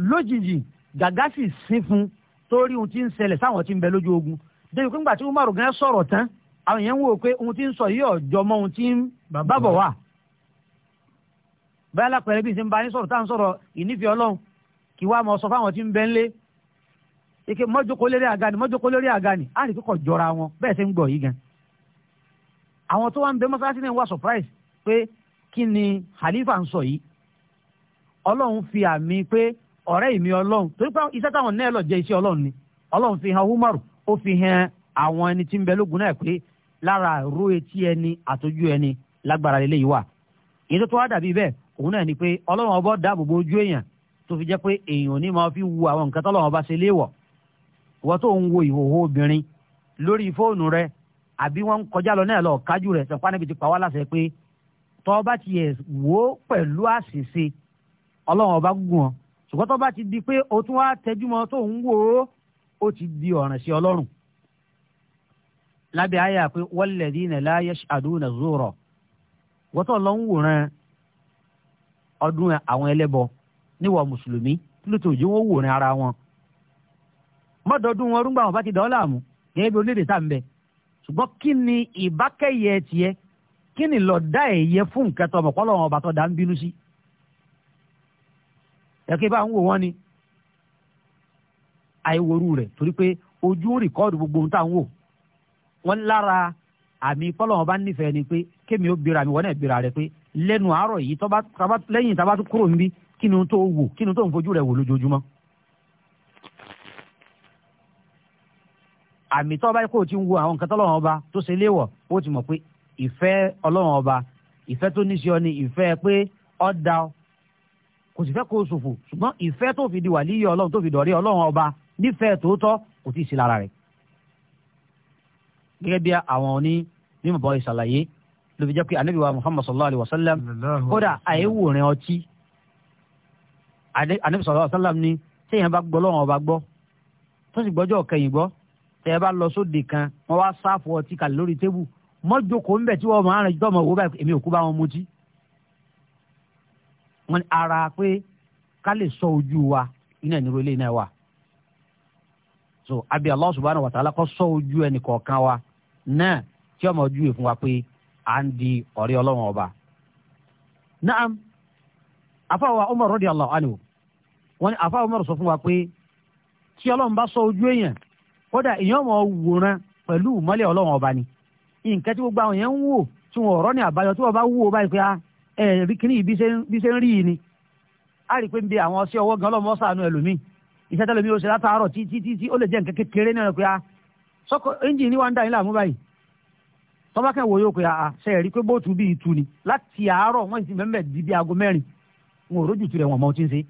S3: lójijì gàgá sì sín fún torí ohun tí ń ṣẹlẹ̀ sáwọn tí ń bẹ lójú ogun débi pé ńgbà tí Umaru gan sọ̀rọ̀ tán àwọn yẹn ń wò pé ohun tí ń sọ yìí ọ̀jọ̀ mọ ohun tí ń bábọ̀ wà báyà lápẹ̀rẹ̀ bí n ṣe ń bá yín sọ̀rọ̀ tá à ń sọ̀rọ̀ ìnífẹ̀ẹ́ Ọlọ́run kí wàá mọ sọ fáwọn tí ń bẹ ńlé ike mọ́jókòó lórí àga ni mọ́jókòó lórí àga ni á rí kíkọ̀ jọra wọn bẹ́ẹ̀ ṣe ń gbọ̀ yìí gan àwọn tó wá ń bẹ mọ́sálásí náà wà surprise pé kí ni Khalifa ń sọ yìí Ọlọ́run fi àmì pé ọ̀rẹ́ ìmí ọlọ́run torí pé iṣẹ́ táwọn náà lọ jẹ́ iṣẹ́ ọlọ́run ni ọlọ́run fi hàn Umaru ó fi hàn àwọn ẹni tí ń bẹ lógun náà pé lára ru etí ẹni àtọ́jú ẹni lágbára lélẹ́ yìí wà èyí tó tó wá dàbí bẹ́ẹ̀ òun náà ni pé ọlọ́run ọbọ̀ dáàbò bo ojú èèyàn tó fi jẹ́ pé èèyàn ní máa fi wu àwọn nǹkan tọ́lọ́run ọba ṣe léèwọ̀ wọ́n tó ń wo ìhòòhò obìnrin lórí fóònù rẹ àbí wọ́n ń kọjá lọ náà lọ kájú rẹ̀ sọ̀pá níbi ti pa wá láṣẹ pé tọ́ bá tiẹ̀ wò ó pẹ̀lú àṣìṣe ọlọ́run ọba gùn ọ́ ṣùgbọ́n tó bá ti di pé o tún wá tẹjúmọ́ tó ń wò ó ó ti di ọ̀ràn sí ọlọ́run lábẹ́ àyà pé walladhina la yash'aduna zura wọ́n tó lọ ń wòran ọdún àwọn ẹlẹ́bọ níwọ̀ mùsùlùmí lótò òjò wọn wòran ara wọn mọ́dọ̀ọ́dún wọn rúgbà wọn bá ti dọ́ọ́là mú gẹ́gẹ́ bí onídèé tá ń bẹ ṣùgbọ́n kí ni ìbákẹ́yẹ tiẹ̀ kí ni lọ́ọ́ dá ẹ̀yẹ fún nǹkan tó ọmọkọ́lọ́wọn ọba tó dá ń bínú sí ẹ̀kẹ́ bá ń wò wọ́n ni àìwòrú rẹ̀ torí pé ojú ń rìkọ́ọ̀dù gbogbo ohun tá à ń wò wọ́n lára àmì fọlọ́wọ́n bá nífẹ̀ẹ́ ni pé kémi ó bira mi wọ́n náà bira rẹ̀ pé lẹ́nu àárọ̀ yìí lẹ́yìn tá a bá tún kúrò níbí kí ni tó wò kí ni tó ń fojú rẹ̀ wò lójoojúmọ́. àmì tó bá kó o ń wo àwọn nǹkan tọ́lọ́wọ́n ọba tó ṣe léwọ̀ ó ti mọ̀ pé ìfẹ́ ọlọ́wọ́n ọba ìfẹ́ tó ní ọ ni ìfẹ́ pé ọ da kò sì fẹ́ kó o ṣòfò ṣùgbọ́n ìfẹ́ tó fi di wàlíyé ọlọ́run tó fi dọ̀rí ọlọ́run ọba nífẹ̀ẹ́ tòótọ́ kò tí ì sí lára rẹ̀. gẹ́gẹ́ bí àwọn oní mímọ̀bọ̀ ìṣàlàyé ló fi jẹ́ pé anabi wa muhammad sallallahu alayhi wa sallam kódà àyẹ̀wòrán ọtí anabi sallallahu alayhi wa sallam ni téèyàn bá gbọ́ lọ́wọ́n ọba gbọ́ tó sì gbọ́jọ́ kẹyìn gbọ́ tẹ́ ẹ bá lọ sóde kan wọ́n wá sáfù ọtí kalẹ̀ lórí tébù mọ́jókòó ń bẹ̀ tí wọ́n máa rìn jọ́mọ̀ owó báyìí èmi ò bá wọn mutí wọn ara pé ká lè sọ ojú wa iná ìnirò ilé náà wa so àbí Allah subhanahu wa ta'ala kó sọ ojú ẹnì wa náà tí ọmọ ojú fún wa pé à ń di ọ̀rẹ́ ọba naam afáwa Umar radiyallahu o wọn ni afáwa Umar sọ fún wa pé tí sọ ojú èèyàn kódà èèyàn mọ̀ wòran pẹ̀lú ìmọ́lẹ̀ ọlọ́run ọba ni nǹkan tí gbogbo àwọn èèyàn ń wò tí wọn ẹ̀rí kìíní yìí bí ṣe ń rí yìí ni a rí i pé ń bi àwọn ọṣẹ ọwọ́ gan ọlọ́mọ sànú ẹlòmíì iṣẹ́ tẹ́lẹ̀ mi ò ṣe látàárọ̀ títí títí ó lè jẹ́ nǹkan kékeré náà pé a sọ́kọ ẹ́ńjìnì wa ń dà yín láàmú báyìí tọ́ba kẹ́ wo yóò pé a ṣe pé bóòtù bíi tu ni láti àárọ̀ wọ́n ti mẹ́mẹ́ di bí aago mẹ́rin wọn ò rójú tirẹ̀ wọn mọ́ ti ń ṣe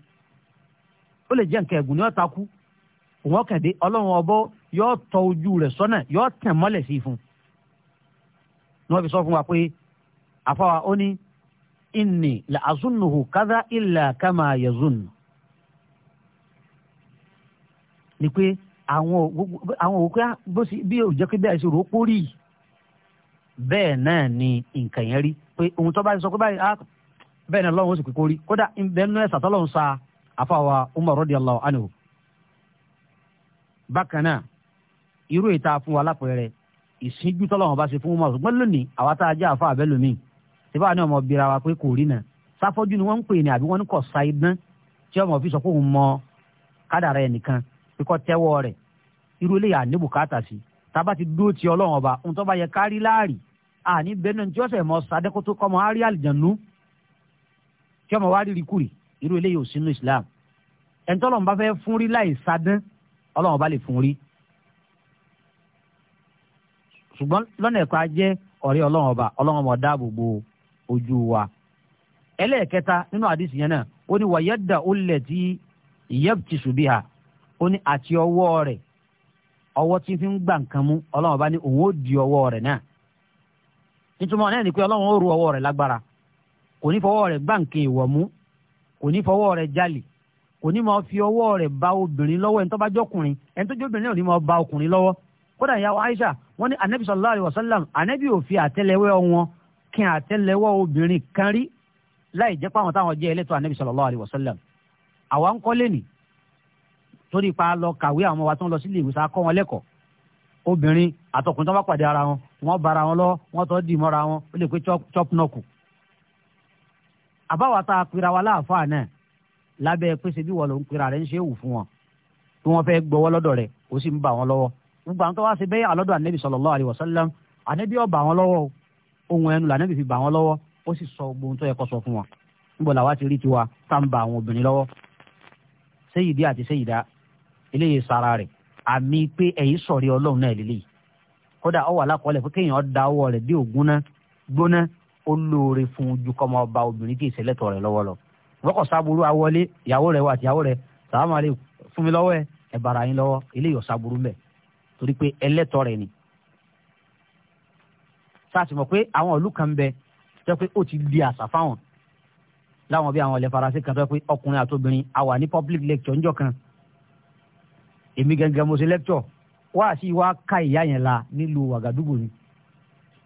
S3: ó lè jẹ́ nǹkan ẹ̀gùn ní ọ̀ta kú òun ọ̀kẹ́dẹ́ ọlọ́run ọbọ̀ yóò tọ ojú rẹ̀ sọ́nà yóò tẹ̀ mọ́lẹ̀ sí i fún un ni wọ́n fi sọ fún wa pé àfọwà ó ní inni la azunnuhu kaza illa kama yazun ni pé àwọn àwọn òkú ah, bó sì bí òjò pé bẹ́ẹ̀ ṣe rò ó kórì bẹ́ẹ̀ náà ni nǹkan yẹn rí pé ohun tó bá sọ pé báyìí ah, bẹ́ẹ̀ náà lọ́wọ́ sì pé kórì kódà bẹ́ẹ̀ náà ẹ̀sà tọ́lọ́run sa àfàwà Umar radiyallahu anhu bákan náà irú ìta fún wa lápẹẹrẹ ìsínjú tọ́lọ́run bá ṣe fún Umar ṣùgbọ́n lónìí àwa tá a jẹ́ àfa àbẹ́lòmíì síbá ní ọmọ bira wa pé kò rí náà sáfọ́jú ni wọ́n ń pè ní àbí wọ́n ń kọ̀ sa idán tí ọmọ fi sọ pé òun mọ kádàrá ẹnìkan pé kọ́ tẹ́wọ́ rẹ̀ irú eléyà àníbùkátà sí tábà ti dúró ti ọlọ́run ọba ohun tó bá yẹ kárí láàrì àní bẹ́ẹ̀ tí ọ̀sẹ̀ mọ sadẹ́kọ́ kọ́mọ árí àlìjànú tí ọmọ wa rírì kùrì irú eléyà ò sínú Islam ẹni tọ́lọ́run bá fẹ́ fún rí láì sadán ọlọ́run ọba lè fún rí ṣùgbọ́n lọ́nà ẹ̀kọ́ ajẹ́ ọ̀rẹ́ ọlọ́run ọba ọlọ́run ọmọ dáàbò gbòó ojú wa ẹlẹ́ẹ̀kẹta nínú àdìsí yẹn náà ó ní wàyẹ́dà olè tí yabtishu biha ó ní àti ọwọ́ rẹ̀ ọwọ́ tí fi ń gbà nǹkan mú ọlọ́run bá ní òun ó di ọwọ́ rẹ̀ náà nítumọ̀ náà ni pé ọlọ́run ó ru ọwọ́ rẹ̀ lágbára kò ní fọwọ́ rẹ̀ gbà nǹkan ìwọ̀ mú kò ní fọwọ́ rẹ̀ jalè kò ní máa fi ọwọ́ rẹ̀ bá obìnrin lọ́wọ́ ẹni tó bá jọkùnrin ẹni tó jọbìnrin náà ò ní máa bá ọkùnrin lọ́wọ́ kódà ìyàwó Aisha wọ́n ní anabi sallallahu alayhi wa sallam anabi ò fi àtẹ́lẹwẹ́ wọn kí àtẹ́lẹwọ́ obìnrin kan rí láì jẹ́ pàwọn táwọn jẹ́ ẹlẹ́tọ̀ ànábì sallallahu alaihi wasallam àwa ń kọ́ lẹ́nì torí pa lọ kàwé àwọn wa tó ń lọ sílé ìwé sá kọ́ wọn lẹ́kọ̀ọ́ obìnrin àtọkùn tó bá pàdé ara wọn wọn bara wọn lọ wọn tó dì mọ́ra wọn ó lè pé chop nọ́ọ̀kù àbáwá tá a pera wa láàfáà náà lábẹ́ pèsè bí wọ́n ló ń pera rẹ̀ ń ṣe é wù fún wọn tí wọ́n fẹ́ gbọ́wọ́ lọ́dọ̀ rẹ̀ ó sì ń bà wọ́n lọ́wọ́ gbogbo àwọn tó wá sí bẹ́ẹ̀ àlọ́dọ̀ ànẹ́bí sallallahu alaihi wasallam ànẹ́bí ó bà wọ́n o ohun ẹnu lànà fífi bà wọn lọ́wọ́ ó sì sọ gbogbo ohun tó yẹ kó sọ fún wọn níbo làwa ti rí tiwa tá à ń ba àwọn obìnrin lọ́wọ́ sẹ́yìdí àti sẹ́yìdá eléyìí sara rẹ̀ àmì pé ẹ̀yìn sọ̀rí ọlọ́run náà lélẹ́yìí kódà ọwọ́ alákọọ́lẹ̀ fún kéèyàn da ọwọ́ rẹ̀ dé ògún náà gbóná ó lóore fún ojú kọ́mọ ọba obìnrin tí ìṣẹ̀lẹ̀tọ̀ rẹ̀ lọ́wọ́ lọ. wọ́kọ̀ sábúrú awọlé ìyàwó rẹ̀ wà àtìyàwó rẹ̀ sàmàlẹ́ fún mi lọ́wọ́ ẹ̀ ẹ̀ bàrà yín lọ́wọ́ eléyìí ọ̀sáburú mẹ́ torí pé ẹlẹ́tọ̀ rẹ̀ ni sáàtì mọ̀ pé àwọn ìlú kan bẹ jẹ́ pé ó ti di àṣà fáwọn láwọn bí àwọn ilẹ̀ faransé kan tó pé ọkùnrin àtobìnrin a ní public lecture ńjọ́ kan èmi gẹ́gẹ́ mo ṣe lecture wá sí wá ká ìyá yẹn la nílùú Wàgàdúgbò ni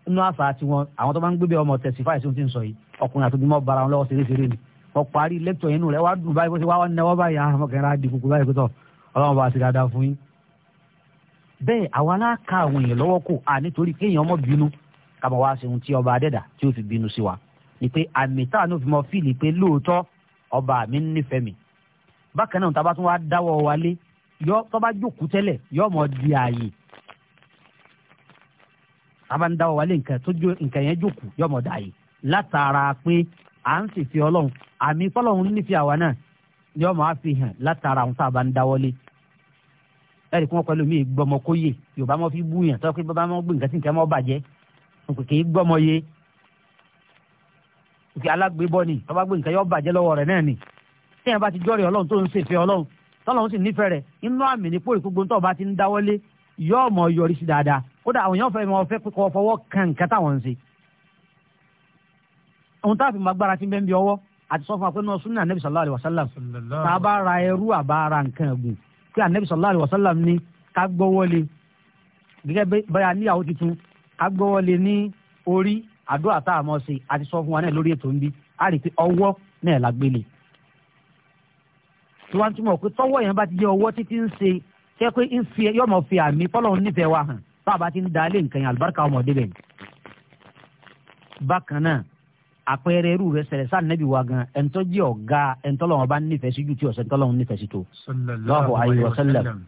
S3: inú àṣà tiwọn àwọn tó bá ń gbé bẹ́ẹ̀ ọmọ testify sí ohun tí ń sọ yìí ọkùnrin àtobìnrin mọ́ bara wọn lọ́wọ́ ṣeréṣeré ni wọ́n parí lecture yẹn nù rẹ̀ wá dùn báyìí bó ṣe wá wọn náwó báyìí àwọn ọmọkùnrin á di kúkú báyìí pé tọ́ ọlọ́run bá ṣe dáadáa kábọ̀ wá ṣe ohun tí ọba adẹ́dà tí ó fi bínú sí wa ni pé àmì táà ló fi mọ fíìlì pé lóòótọ́ ọba mi ń nífẹ̀ẹ́ mi bákan náà tábà tún wá dáwọ́ wálé yọ tọ́ba jókòó tẹ́lẹ̀ yọ mọ di ààyè tábà ń dáwọ́ wálé nǹkan tó jó nǹkan yẹn jókòó yọ mọ dààyè látara pé à ń sì fi ọlọ́run àmì fọlọ́run nífẹ̀ẹ́ àwa náà yọ mọ àfi hàn látara àwọn tábà ń dáwọ́lé ẹ̀rì kí wọ́n pẹ̀lú mi gbọmọkóyè yorùbá mọ́ fi bú yàn tọ́ pé bàbá mọ́ gbé nǹkan tí nǹkan mọ́ bàjẹ́ nkùkì gbọ́mọ yé nkùkì alágbébọ́ ni tọ́ba gbé nǹkan yọ bàjẹ́ lọ́wọ́ rẹ̀ náà ni tí yẹn bá ti jọ́rìí ọlọ́run tó ń ṣèfẹ́ ọlọ́run tọ́lọ́run sì nífẹ̀ẹ́ rẹ̀ inú àmì ní pòrí gbogbo tó bá ti ń dáwọ́lé yóò mọ̀ yọrí sí dáadáa kódà àwọn èèyàn fẹ́ẹ́ mọ fẹ́ kọ́ fọwọ́ kan nǹkan táwọn ń ṣe. ohun táàfin máa gbára ti bẹ́ẹ̀ bí ọwọ́ àti sọ fún wa pé sallallahu alayhi wa sallam tá a bá sallallahu alayhi wa sallam ní ká gbọ́wọ́lé gẹ́gẹ́ bẹ́ẹ̀ níyàwó agbọ́wọ́lé ní orí àdúrà tá a mọ̀ sí àti sọ fún wa náà lórí ètò ń bí a rí i pé ọwọ́ náà la gbélé tí wọ́n túmọ̀ pé tọ́wọ́ yẹn bá ti jẹ́ ọwọ́ títí ń ṣe tẹ́ pé ń fi yọ́ mọ̀ fi àmì fọlọ́run nífẹ̀ẹ́ wa hàn bá a bá ti ń da ilé nǹkan yẹn àlùbáríkà ọmọdé bẹ̀ ni. bákan náà àpẹẹrẹ irú rẹ̀ ṣẹlẹ̀ sáà nẹ́bí wa gan ẹni tó jẹ́ ọ̀gá ẹni tọ́lọ́run bá nífẹ̀ẹ́ sí ju tí ọ̀sẹ̀ tọ́lọ́run nífẹ̀ẹ́ sí tó.
S4: sallallahu alaihi wasallam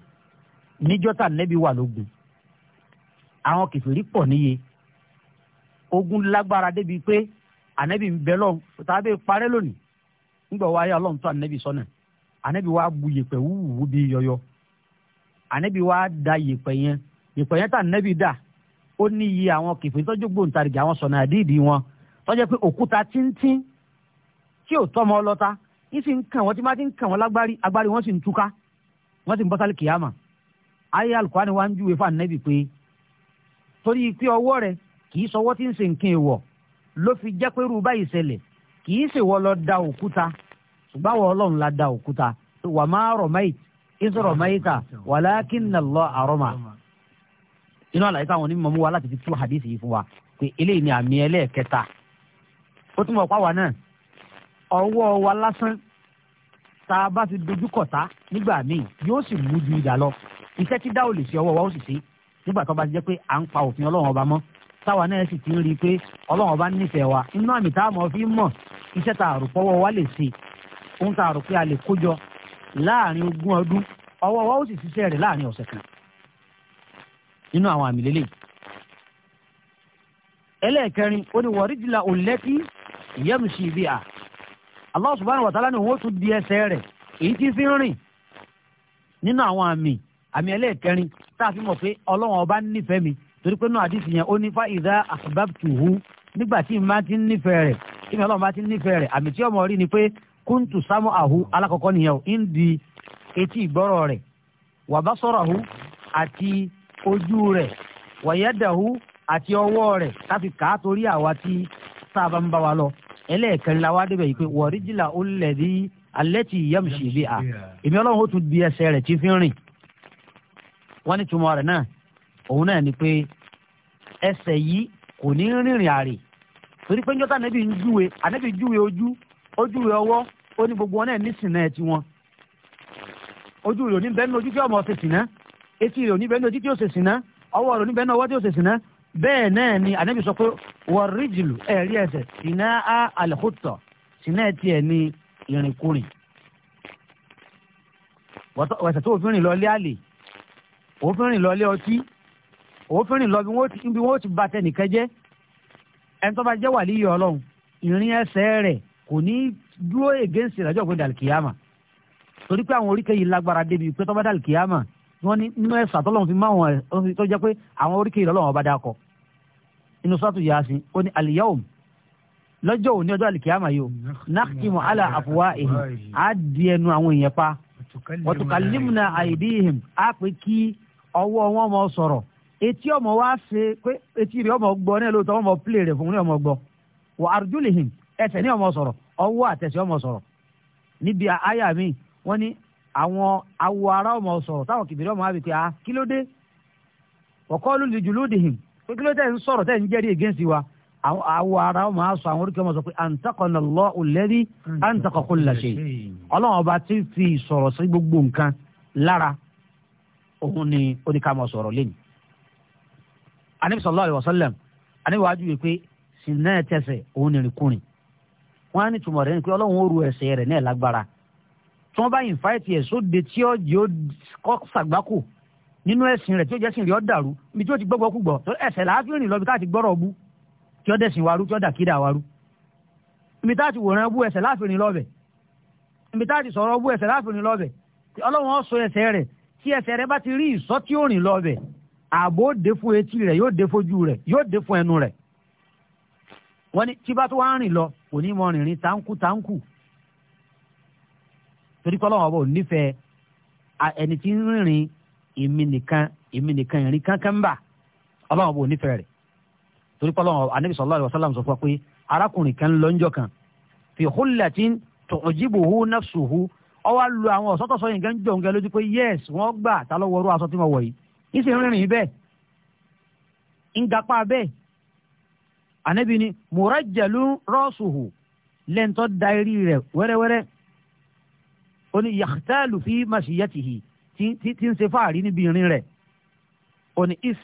S3: níjọ́ tá nẹ́bí wà lógun àwọn kèfèrí pọ̀ níye ogun lágbára débi pé ànábì ń bẹ lọ́hùn tàbí parẹ́ lónìí nígbà wáyé ọlọ́run tó ànábì sọ́nà ànábì wa bu yèpẹ̀ wúwú bí yọyọ ànábì wa da yèpẹ̀ yẹn yèpẹ̀ yẹn tà ànábì dà ó ní iye àwọn kèfèrí tọ́jú gbòǹtarìgì àwọn sọ̀nà àdídì wọn tọ́jẹ́ pé òkúta tíntín tí ò tọ́ ọmọ ọlọ́ta ń sì ń kàn wọ́n tí má ti ń kàn wọ́n lágbárí agbárí wọ́n sì ń túká wọ́n sì ń bọ́sálì kìyàmà ayé alukóhánì torí pé ọwọ́ rẹ̀ kì í sọwọ́ tí ń ṣe nǹkan ló fi jẹ́ pé rúbá ìṣẹ̀lẹ̀ kì í lọ da òkúta ṣùgbọ́n àwọn la da òkúta wà má rọ̀máì ìṣe rọ̀máì ta walakinna Allah àrọ́mà. inú àlàyé táwọn onímọ̀ mú wa láti fi tú hadith yìí fún wa pé eléyìí ni àmì ẹlẹ́ẹ̀kẹta ó pàwọ́ náà ọwọ́ wa lásán tá a bá dojúkọ̀ta nígbà míì yóò sì mú ju ìdá lọ iṣẹ́ tí lè nígbà tó bá ti jẹ́ pé à ń pa òfin ọlọ́run ọba mọ́ táwa náà sì ti ń rí i pé ọlọ́run ọba nífẹ̀ẹ́ wa inú àmì tá a mọ̀ fi mọ̀ iṣẹ́ tá a wa lè ṣe ohun tá a rò pé a lè kójọ láàrin ogún ọdún ọwọ́ wa ó sì ṣiṣẹ́ rẹ̀ láàrin ọ̀sẹ̀ kan nínú àwọn àmì lélẹ̀ ẹlẹ́ẹ̀kẹrin ó ní wọ̀rídìlà òlẹ́tì ìyẹ́mùsì ibi à Allah subhanahu wa ta'ala ni wọ́n tún di ẹsẹ̀ rẹ̀ èyí tí fi ń rìn nínú àwọn àmì àmì ẹlẹ́ẹ̀kẹrin tá a fi mọ̀ pé ọlọ́run ọba nífẹ̀ẹ́ mi torí pé náà àdìsí yẹn ó ní fa ìdá àbábtùhù nígbà tí màá ti nífẹ̀ẹ́ rẹ̀ tí mi ọlọ́run bá ti nífẹ̀ẹ́ rẹ̀ àmì tí ọmọ rí ni pé kúntù sámú àhú alákọ̀ọ́kọ́ nìyẹn o ń di etí ìgbọ́rọ̀ rẹ̀ wà bá sọ̀rọ̀ àhú àti ojú rẹ̀ wà yẹ́dàhú àti ọwọ́ rẹ̀ káfi kàá torí àwa tí sábà ń bá wa lọ ẹlẹ́ẹ̀kẹrin la wá débẹ̀ yìí pé wọ̀ríjìlá ó lẹ̀ dí alẹ́ tí ìyá bí a èmi ọlọ́run ó tún di ẹsẹ̀ rẹ̀ tí fi ń rìn wọ́n ní túmọ̀ rẹ̀ náà òun náà ni pé ẹsẹ̀ yìí kò ní rìnrìn àrè torí pé njọ́tà ànábì ń júwe ànábì júwe ojú ojúwe ọwọ́ ó ní gbogbo wọn náà ní sìn náà tiwọn ojú rẹ̀ òní bẹ́ẹ̀ ní ojú tí ọmọ ṣe sìn náà etí rẹ̀ òní bẹ́ẹ̀ ní ojú tí ó sìn náà ọwọ́ rẹ̀ òní bẹ́ẹ̀ ní ọwọ́ tí ó sìn náà bẹ́ẹ̀ náà ni ànábì sọ pé wọ́ríjìlù ẹ̀rí ẹsẹ̀ sìnà á àlẹ́kùtọ̀ òfin rìn lọ ilé ọtí òfin rìn lọ bí wọ́n ti ba tẹnìkan jẹ́ ẹni tó bá jẹ́ wà líyọ̀ ọlọ́run ìrìn ẹsẹ̀ rẹ̀ kò ní dúró ègéǹsì ìdájọ́ pé dàlùkìyàmà torí pé àwọn oríkèyí lágbára débi pé tó bá dàlùkìyàmà wọn ní nínú ẹ̀sà tọ́lọ́run fi má wọn tó jẹ́ pé àwọn oríkèyí lọ́lọ́run ọba dákọ̀ inú sọ́tù Yasin ó ní al lọ́jọ́ òní ọjọ́ àlìkíyàmà yìí o nakhtimu ala afwahihim á di ẹnu àwọn èèyàn pa
S4: wa tukallimuna
S3: aydihim á pé kí ọwọ́ wọn mọ sọ̀rọ̀ etí ọmọ wa ṣe pé etí rẹ̀ ọmọ gbọ́ náà lóòótọ́ ọmọ pílè rẹ̀ fún ní ọmọ gbọ́ wà arjulihim ẹsẹ̀ ní ọmọ sọ̀rọ̀ ọwọ́ àtẹ̀sẹ̀ ọmọ sọ̀rọ̀ níbi àyà mi wọ́n ní àwọn awọ ara ọmọ sọ̀rọ̀ táwọn kìbìrì ọmọ a ah, kí ló dé wọ́kọ́lù li pé kí ló tẹ̀ ń sọ̀rọ̀ tẹ̀ ń jẹ́rìí against wa awọ ara ọmọ aṣọ àwọn ọmọ sọ pé ọlọ́run ọba ti fi ìsọ̀rọ̀ sí gbogbo nǹkan òun ni oníkàmọ̀ sọ̀rọ̀ lẹ́yìn. anabi sallallahu alayhi wa sallam anabi wàá júwe pé sinna ẹ̀ tẹ̀sẹ̀ òun ni rìnkùnrin. wọ́n á ní tùmọ̀ rẹ̀ ni pé ọlọ́run ó ru ẹ̀ṣẹ̀ rẹ̀ náà lágbára. tí wọ́n bá yìn fáìtì ẹ̀ sóde tí ó jẹ́ kọ́ sàgbákò nínú ẹ̀sìn rẹ̀ tí ó jẹ́ sìn rí ọ́ dàrú ibi tí ó ti gbọ́gbọ́ kúgbọ́ ẹ̀ṣẹ̀ láàfin rìn lọ́bẹ̀ ibi tí ẹsẹ̀ rẹ bá ti rí ìsọ́ tí ó rìn lọ bẹ̀ ààbò ó dé fún etí rẹ̀ yóò dé fojú rẹ̀ yóò dé fún ẹnu rẹ̀ wọ́n ní tí bá tó wá rìn lọ kò ní mọ rìnrìn táǹkù táǹkù torí kọ́ lọ́wọ́ bò nífẹ̀ẹ́ ẹni tí ń rìnrìn èmi nìkan èmi nìkan ìrìn kankan ń bà ọlọ́wọ́ bò nífẹ̀ẹ́ rẹ̀ torí kọ́ lọ́wọ́ anabi sallallahu alaihi wasallam sọ fún wa pé arákùnrin kan lọ́njọ́ kan fi hullatin tu'jibuhu nafsuhu ọwọ́ lu àwọn ọ̀sọ́tọ̀sọ yìí gẹ́gẹ́ jọ̀ǹgẹ́ lójú pé yes wọ́n gbà tá ló wọrú aṣọ tí mo wọ̀ yìí ń sì rìnrìn bẹ́ẹ̀ ń gapá bẹ́ẹ̀ ànábì ni mùrẹ́jẹ̀lú rọ́ọ̀sùhù lẹ́ńtọ́ da eré rẹ̀ wẹ́rẹ́wẹ́rẹ́ ó ní yàtàlù fi màṣíyàtìhì tí ń ṣe fáàrí níbi ìrìn rẹ̀ ó ní if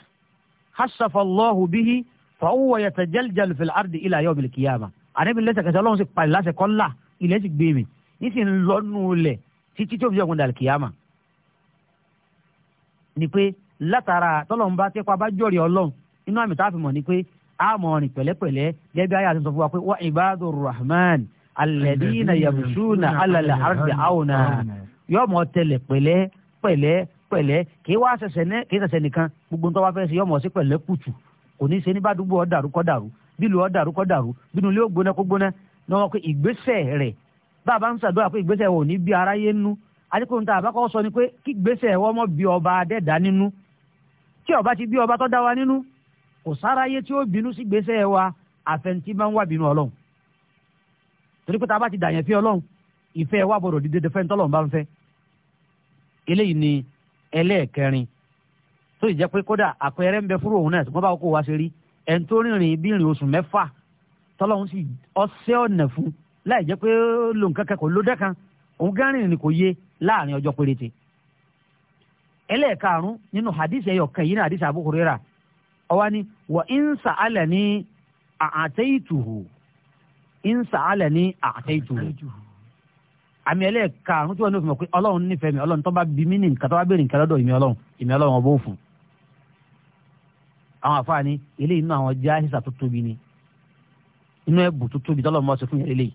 S3: hasafallahu bihi fàwọ́ yàtàjẹ́lẹ́jẹ́lẹ́ fil ardi ila yawmil qiyamah lẹ́sẹ̀kẹsẹ̀ ọlọ́run sì pàlì láṣẹ ilẹ̀ sì gbé mi yìí ń lọ́nù lẹ̀ títí tó fi jọ̀gùn dàlùkìyàmà ni pé látara tọ́lọ́run bá tẹ́pá bá jọ̀rì ọlọ́run inú àmì tá a fi mọ̀ ni pé a mọ̀ rìn pẹ̀lẹ́pẹ̀lẹ́ gẹ́gẹ́ ayé àti sọ fún wa pé wa ibadu rahman alladina yamshuna ala al-ardi auna yóò mọ̀ tẹ̀lẹ̀ pẹ̀lẹ́ pẹ̀lẹ́ pẹ̀lẹ́ kì í wá ṣẹ̀ṣẹ̀ ní kì í ṣẹ̀ṣẹ̀ nìkan gbogbo nǹkan wá fẹ́ ṣe yóò mọ̀ sí pẹ̀lẹ́ kùtù kò ní í ṣe ní bá dúgbò ọ̀dàrú kọ́ dàrú ọ̀dàrú kọ́ bínú ilé ògbóná kó gbóná ní wọn pé ìgbésẹ̀ rẹ̀ bàbá ń ṣàdúrà pé ìgbésẹ̀ wò ní bí aráyé nú adékòrò tá àbákọ́ sọ ni pé kí ìgbésẹ̀ mọ́ bí ọba adẹ́dá nínú tí ọba ti bí ọba tó dá wa nínú kò sáráyé tí ó bínú sí ìgbésẹ̀ wa àfẹnití máa ń wà bínú ọlọ́run torí pé tá a bá ti dàyẹn fi ọlọ́run ìfẹ́ wa bọ̀rọ̀ dídé fẹ́ tọ́lọ́run bá ń fẹ́ eléyìí ni ẹlẹ́ẹ̀kẹrin tó pé kódà àpẹẹrẹ ń bẹ fúrò òun náà wọ́n bá kó wa ṣe rí ẹ̀ ń tó rìnrìn bí oṣù mẹ́fà tọ́lọ́run láì jẹ́ pé ó lò nǹkan kan kò ló dẹ́kan òun gánrin ni kò yé láàrin ọjọ́ péréte. ẹlẹ́ẹ̀karùn-ún nínú hadith ẹ̀yọ̀ kan yìí ní hadith Abu Hurairah ọwọ́ ni wà ń sàálẹ̀ ní àtẹ́yìtùhù ń sàálẹ̀ ní àtẹ́yìtùhù. àmì ẹlẹ́ẹ̀karùn-ún tí wọ́n ní òfin mọ̀ pé ọlọ́run nífẹ̀ẹ́ mi ọlọ́run tó bá bí mí ní nǹkan tó bá béèrè nǹkan lọ́dọ̀ ìmí ọlọ́run ìmí ọlọ́run ọbọ̀ òfun. àwọn àfáà ni eléyìí inú àwọn jáhìsà tó tóbi ni inú ẹ̀bù tó tóbi tọ́lọ́mọ́ fún yẹn eléyìí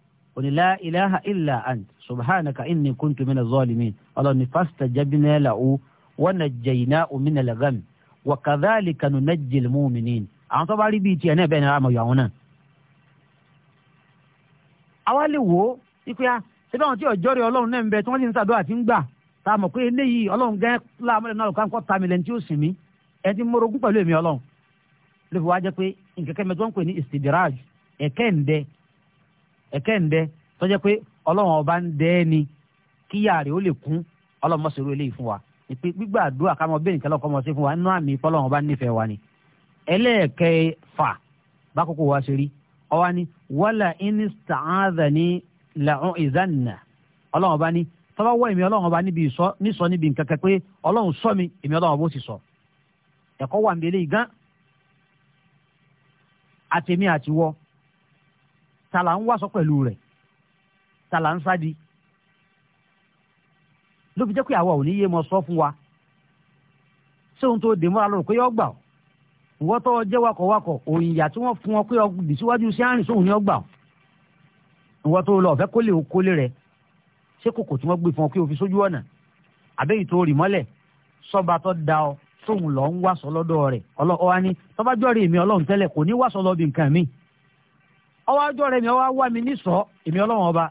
S3: onílá ilaha illa ant subhanaka inni kuntu mina zalimin ọlọ́ni fastajabna lahu wa najjaynahu minal gham wa kadhalika nunajjil mu'minin àwọn tó bá rí bíi tiẹ̀ náà bẹ́ẹ̀ ni a mọ̀ yọ àwọn náà. àwa lè wò ó ipe a ah, síbẹ̀ àwọn tí ọjọ́ rẹ̀ ọlọ́run náà ń bẹ tí wọ́n sì ń sàdúrà tí ń gbà tá a mọ̀ pé eléyìí ọlọ́run gẹ́ láàmúlẹ̀ náà lọ́kàn kọ́ ta mi lẹ́ni tí ó sìn mí ẹni tí mórogún pẹ̀lú èmi ọlọ́run ló fi jẹ́ pé nǹkan kẹ́mi tó ń pè ní istidiraj ẹ̀kẹ́ ǹdẹ ẹ̀kẹ́ ń bẹ tọ́jẹ́ pé ọlọ́run ọba ń dẹ́ ẹni kí yàrá ó lè kún ọlọ́run mọ́sẹ̀rú eléyìí fún wa ni pé gbígbà àdúrà ká mọ nìkan lọ́kọ́ mọ fún wa nínú àmì ọlọ́run ọba nífẹ̀ẹ́ wa ni ẹlẹ́ẹ̀kẹ́ fà bákòókò wa ṣe rí ọwa ni wàlà inista'adha ni làún ìzánà ọlọ́run ọba ni tọ́ba wọ èmi ọlọ́run ọba níbi ìsọ nísọ níbi nǹkan kan pé ọlọ́run sọ mi èmi ọlọ́run ọba ó sì sọ ẹ̀kọ́ wà ń bẹ eléyìí gan àtèmi àtiwọ́ tàlà ń wàsọ pẹ̀lú rẹ̀ tàlà ń sádi ló fi jẹ́ pé àwa ò ní yé mọ sọ fún wa ṣé ohun tó dè mọ́ra lọ́rùn pé yọ gbà ọ́ ìwọ́ tó jẹ́ wakọ̀wakọ̀ òyìnbá tí wọ́n fún ọ pé ọgbìn síwájú sí àárín sóhun ni ọ gbà ọ́ ìwọ́ tó lọ ọ̀fẹ́ kólé o kólé rẹ̀ ṣé kòkò tí wọ́n gbé fún ọ pé o fi sójú ọ̀nà àbẹ́yìí tó rì mọ́lẹ̀ sọ́ba tó da ọ sóhun lọ ń wàsọ lọ́dọ̀ rẹ̀ ọlọ́ọ̀ wa ni tọ́bájọ́ rèé mi ọlọ́run tẹ́lẹ̀ kò ní wàsọ lọ bí nǹkan míì ọwọ́ àjọ rẹ̀ mi ọwọ́ wá mi ní sọ èmi ọlọ́wọ́n ọba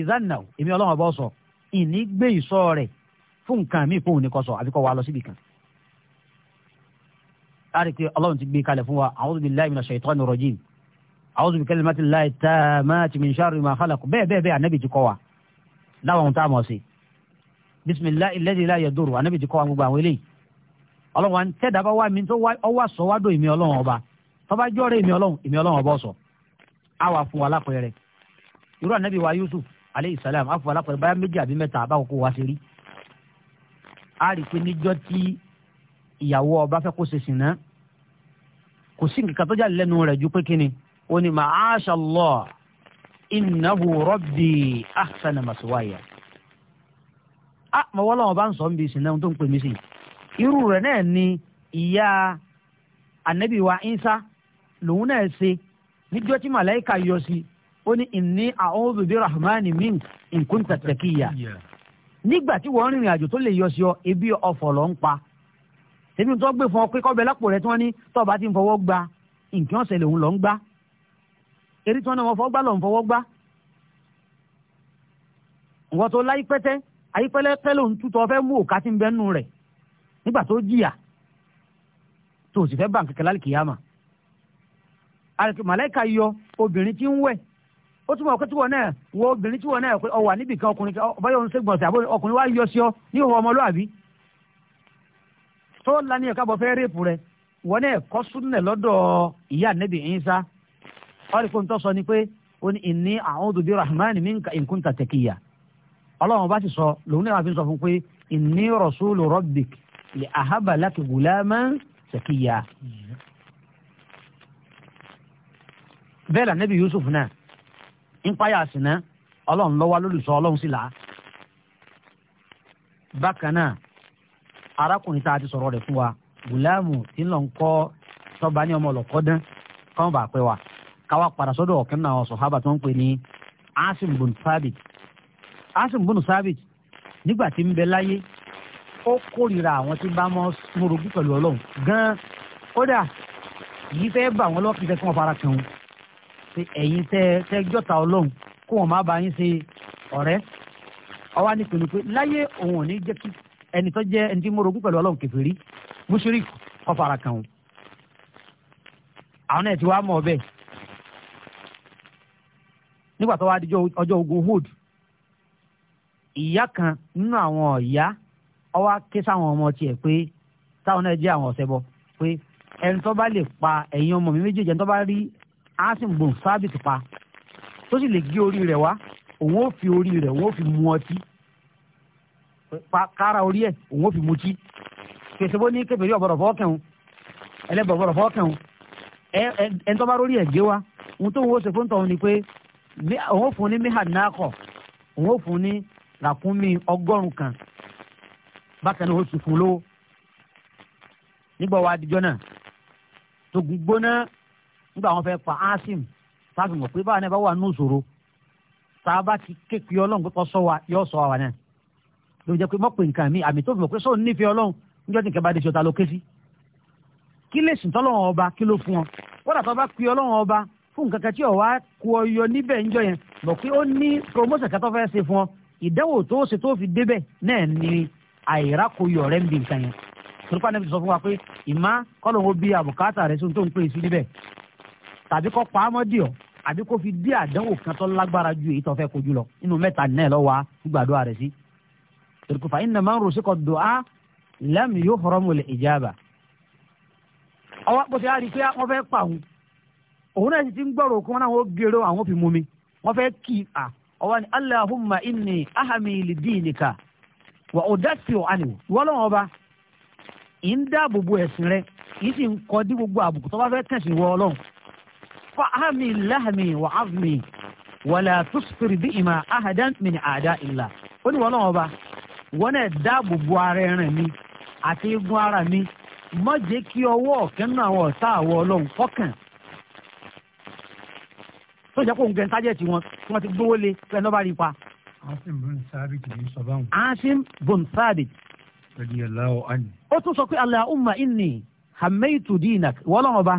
S3: ìzánà èmi ọlọ́wọ́n ọba sọ ìní gbé ìsọ rẹ̀ fún nǹkan mi ìpòhùn ní kọ sọ àfikọ́ wa lọ síbi kan. láti pé ọlọ́run ti gbé kalẹ̀ fún wa a'udhu billahi minash shaitanir rajim a'udhu bi kalimatillahi tammati min sharri ma khalaq bẹ́ẹ̀ bẹ́ẹ̀ bẹ́ẹ̀ ànábì ti kọ́ wa láwọn ohun tá a mọ̀ sí bisimilahi á wà fún wa lápẹẹrẹ irú ànábì wa Yusuf aleyhi salam á fún wa lápẹẹrẹ báyà méjì àbí mẹ́ta àbáwọn kó wa ṣe rí á rí i pé níjọ́ tí ìyàwó ọba fẹ́ kó ṣe sìn náà kò sí nǹkan tó jáde lẹ́nu rẹ̀ ju pé kíni ó ní ma'asha Allah innahu rabbi ahsana maswaya ah mọ̀ wọ́n lọ́wọ́ bá ń sọ ń bí sìn tó ń pè mí sí irú rẹ̀ náà ni ìyá ànábì wa Isa lòun náà ṣe níjọ́ tí màláìka yọ sí ó ní inni a'udhu bi rahmani min in kunta taqiya nígbà tí wọ́n rìnrìn àjò tó lè yọ sí ọ ebi ọ̀fọ̀ ló ń pa tèmi tó gbé fún ọ pé kọ́bẹ̀ lápò rẹ tí wọ́n ní tọ́ọ̀bá ti ń fọwọ́ gba nǹkan ọ̀sẹ̀ lòun lọ́ ń gbá eré tí wọ́n náà wọ́n fọ́ gbá lọ́n fọwọ́ gbá wọ́n tó láyé pẹ́tẹ́ ayé pẹ́lẹ́pẹ́ lòun tútọ́ fẹ́ mú òkà tí ń bẹ́ nù rẹ̀ nígbà tó jìyà tó sì fẹ́ bá nǹkan kẹlá kìyàmà màláìka yọ obìnrin tí ń wẹ̀ ó túmọ̀ pé tíwọ̀ náà wọ obìnrin tíwọ̀ náà ọ wà níbì kan ọkùnrin báyọ̀ ń ṣègbọ̀nsẹ̀ àbọ̀ ọkùnrin wá yọ sí ọ ní ìwọ ọmọlúàbí tó lani ẹ̀ka bọ̀ fẹ́ rèpù rẹ̀ wọ́n náà kọ́ súnlẹ̀ lọ́dọ̀ ìyá nẹ́bì ìyínsá ọ̀rẹ́kọ̀ ń tọ́ sọ ni pé ó ní ìní a'udhu bi rahman minka in kunta ọlọ́run bá ti sọ lòun náà rasulu rabbik li ahaba laki gulaman bẹ́ẹ̀ là nẹ́bí Yusuf náà ń páyà sí náà ọlọ́run lọ́wọ́ lólùsọ ọlọ́run sì là á. bákan náà arákùnrin tá a ti sọ̀rọ̀ rẹ̀ fún wa gùlámù tí ń lọ ń kọ́ sọ́ba ní ọmọ ọlọ́kọ́ dán káwọn bá pẹ́ wa káwa padà sọ́dọ̀ ọ̀kẹ́ náà ọ̀sọ̀ hábà tó ń pè ní asim bun sabit asim bun sabit nígbà pé ẹ̀yin tẹ́ tẹ́ jọ́ta ọlọ́run kó wọn má bá yín ṣe ọ̀rẹ́ ọwọ́ á ní pinnu pé láyé òun ò ní jẹ́ kí ẹni tó jẹ́ ẹni tí mo rogún pẹ̀lú ọlọ́run kèfèrí mùṣírìkí kó fara kàn wọn. àwọn náà ti wá mọ̀ bẹ́ẹ̀ nígbà tó wá di ọjọ́ ogun Hud ìyá kan nínú àwọn ọ̀yá ọwọ́ ké sáwọn ọmọ tiẹ̀ pé táwọn náà jẹ́ àwọn ọ̀sẹ̀ bọ pé ẹni tó bá lè pa ẹ̀yin ọmọ mi méjèèjì ẹni tó bá rí asim bun sábìt pa tó sì lè gé orí rẹ̀ wá òun ó fi orí rẹ̀ òun ó fi mu ọtí kára orí ẹ̀ òun ó fi mutí kèsì bó ní kébèrè ọ̀bọ̀rọ̀ fọ́ọ̀kẹ̀hún ẹlẹ́bọ̀ ọ̀bọ̀rọ̀ fọ́ọ̀kẹ̀hún ẹn tó bá rórí ẹ̀ gé wa ohun tó ń wo ṣe fún tọ̀hún ni pé òun ó fún ní mihad nakọ òun ó fún ní ràkúnmí ọgọ́rùn kan bákan náà ó sì fún lówó nígbà wo adijọ́ náà tó gbóná nígbà wọn fẹ́ pa asim táàbì mọ̀ pé báwa náà bá wà nù sòro tá a bá ti kékeré ọlọ́run pé kọ́ sọ wa yọ sọ wa náà ló jẹ́ pé mọ̀ pé nǹkan mi àmì tó fi mọ̀ pé sóun nífẹ̀ẹ́ ọlọ́run níjọ́ tí nǹkan bá dé ṣe ọ̀tá ló ké sí. kí lè sìn tọ́lọ́run ọba kí ló fún ọ wọ́n
S1: dàtọ́ bá pe ọlọ́run ọba fún nǹkan kan tí ọ̀wá kú ọyọ
S3: níbẹ̀ níjọ́ yẹn mọ̀ pé ó ní promotion kan tó fẹ́ ṣe fún ọ ìdánwò tó ṣe tó fi débẹ̀ náà ni àìrákoyọ̀ rẹ̀ ń bi nǹkan yẹn torípa níbi sọ fún wa pé ìmá kọ́lọ̀ tàbí kọ́ pa á mọ́ dì ọ́ àbí kó fi dí àdánwò kan tó lágbára ju èyí tó fẹ́ kojú lọ inú mẹ́ta náà lọ́wọ́ gbàdúrà rẹ̀ sí. tòlùkùfà iná máa ń rò síkọ̀ dùá lẹ́mìí yóò fọ́rọ́ mọ̀lẹ̀ ìjáàbà. ọwọ́ pọ̀sẹ̀ á rí i pé wọ́n fẹ́ pa òun òun náà sì ti ń gbọ́rọ̀ òkú wọn náà wọ́n gèrò àwọn fi mú wọ́n fẹ́ kí a ọwọ́ ni aláhùnmá ìní ahàmì ìlìdíìnìkà wà ó dásì ọ̀ ànìwò fa'ami lahmi wa azmi wàlà tusfir bí ìmà ahadan min àdá ìlà ó ní wọ́n ọba wọ́n ẹ̀ dáàbò bo ara ẹran mi àti igun ara mi má jẹ́ kí ọwọ́ ọ̀kẹ́ nínú àwọn ọ̀tá àwọ̀ ọlọ́run fọ́kàn tó jẹ́ kó ń gẹ̀ ń tájẹ̀ tí wọ́n ti gbówó lé pẹ́ lọ́ba rí pa. asim bun sabit ni sọ báwọn. asim bun sabit.
S2: radiyallahu anhu.
S3: ó tún sọ pé allahumma inni hamaytu dinak wọ́n lọ́wọ́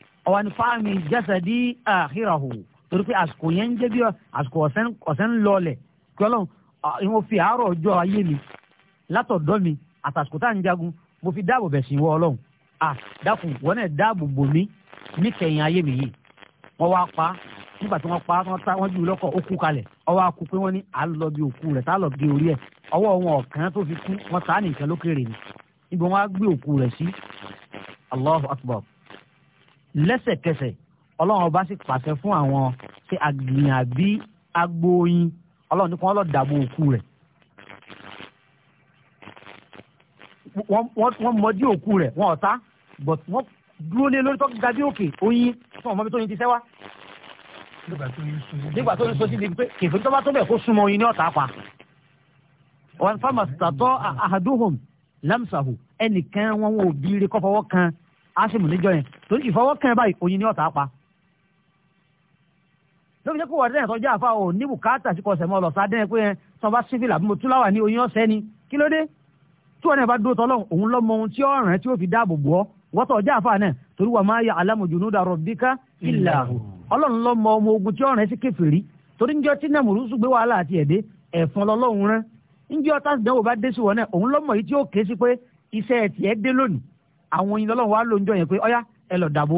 S3: ọwọ́ ni fáàmì jásàdí àhíràhù torí pé àsìkò yẹn ń jẹ́ bí àsìkò ọ̀sẹ̀ ń lọlẹ̀ kí ọlọ́run ìwọ̀n fi àárọ̀ ọjọ́ ayé mi látọ̀dọ́ mi àtàsìkò tá à ń jagun mo fi dáàbò bẹ̀sìn wọ ọlọ́run à dákun wọn náà dáàbò bò mí ní kẹyìn ayé mi yìí wọn wá pa nígbà tí wọn pa wọn ta wọn jù lọkọ ó kú kalẹ̀ ọwọ́ akú pé wọn ní à ń lọ bí òkú rẹ̀ tá à lọ bí orí ẹ̀ ọwọ́ wọn ọ̀kan tó fi kú wọn ta nìkan lókèrè ni ibi wọn á gbé òkú rẹ̀ sí Allahu Akbar lẹ́sẹ̀kẹsẹ̀ ọlọ́run ọba sì pàṣẹ fún àwọn ṣe àgbìyàn àbí agbóyin ọlọ́run ní kí wọ́n lọ dàbò òkú rẹ̀ wọ́n mọdí òkú rẹ̀ wọ́n ọ̀tá but wọ́n dúró lé lórí tó ga bí òkè oyin fún ọmọ mi tó yin ti sẹ́wá.
S2: nígbà tó yin so sí ibi
S3: pé kèfé tó bá tó bẹ̀ kó súnmọ́ oyin ní ọ̀tá pa. wọn fáwọn sàtọ́ àhàdúhùn lámsàhù ẹnìkan wọn ò bí ire kọ́ kan asimu níjọ yẹn torí ìfọwọ́kàn báyìí oyin ni ọ̀tá pa lóbi jẹ́ kó wà dẹ́yìn tọ́jú àfa ò ní bùkátà sí kọsẹ̀ mọ́ ọlọ́sà dẹ́yìn pé yẹn tọ́ba sífìlà bí mo túláwà ní oyin ọ̀sẹ̀ ni kí ló dé tí wọn náà bá dúró tọ́lọ́ òun lọ mọ ohun tí ó rẹ̀ tí ó fi dáàbò bò ọ́ wọ́tọ̀ ọjà àfa náà torí wà máa yà alamu junuda rabbika illa hu ọlọ́run lọ mọ ọmọ ogun tí ó rẹ̀ sí kèfèrí torí njọ́ tí nàmùrúsù gbé wàhálà àti ẹ̀dẹ́ ẹ̀fọn lọ́lọ́run rán njọ́ tásìdánwò bá dé sí wọn náà òun lọ́mọ yìí tí ó ké sí pé iṣẹ́ ẹ̀ tiẹ̀ dé lónìí àwọn oyin lọ́lọ́run wá ló ń jọ yẹn pé ọyá ẹ lọ dàbò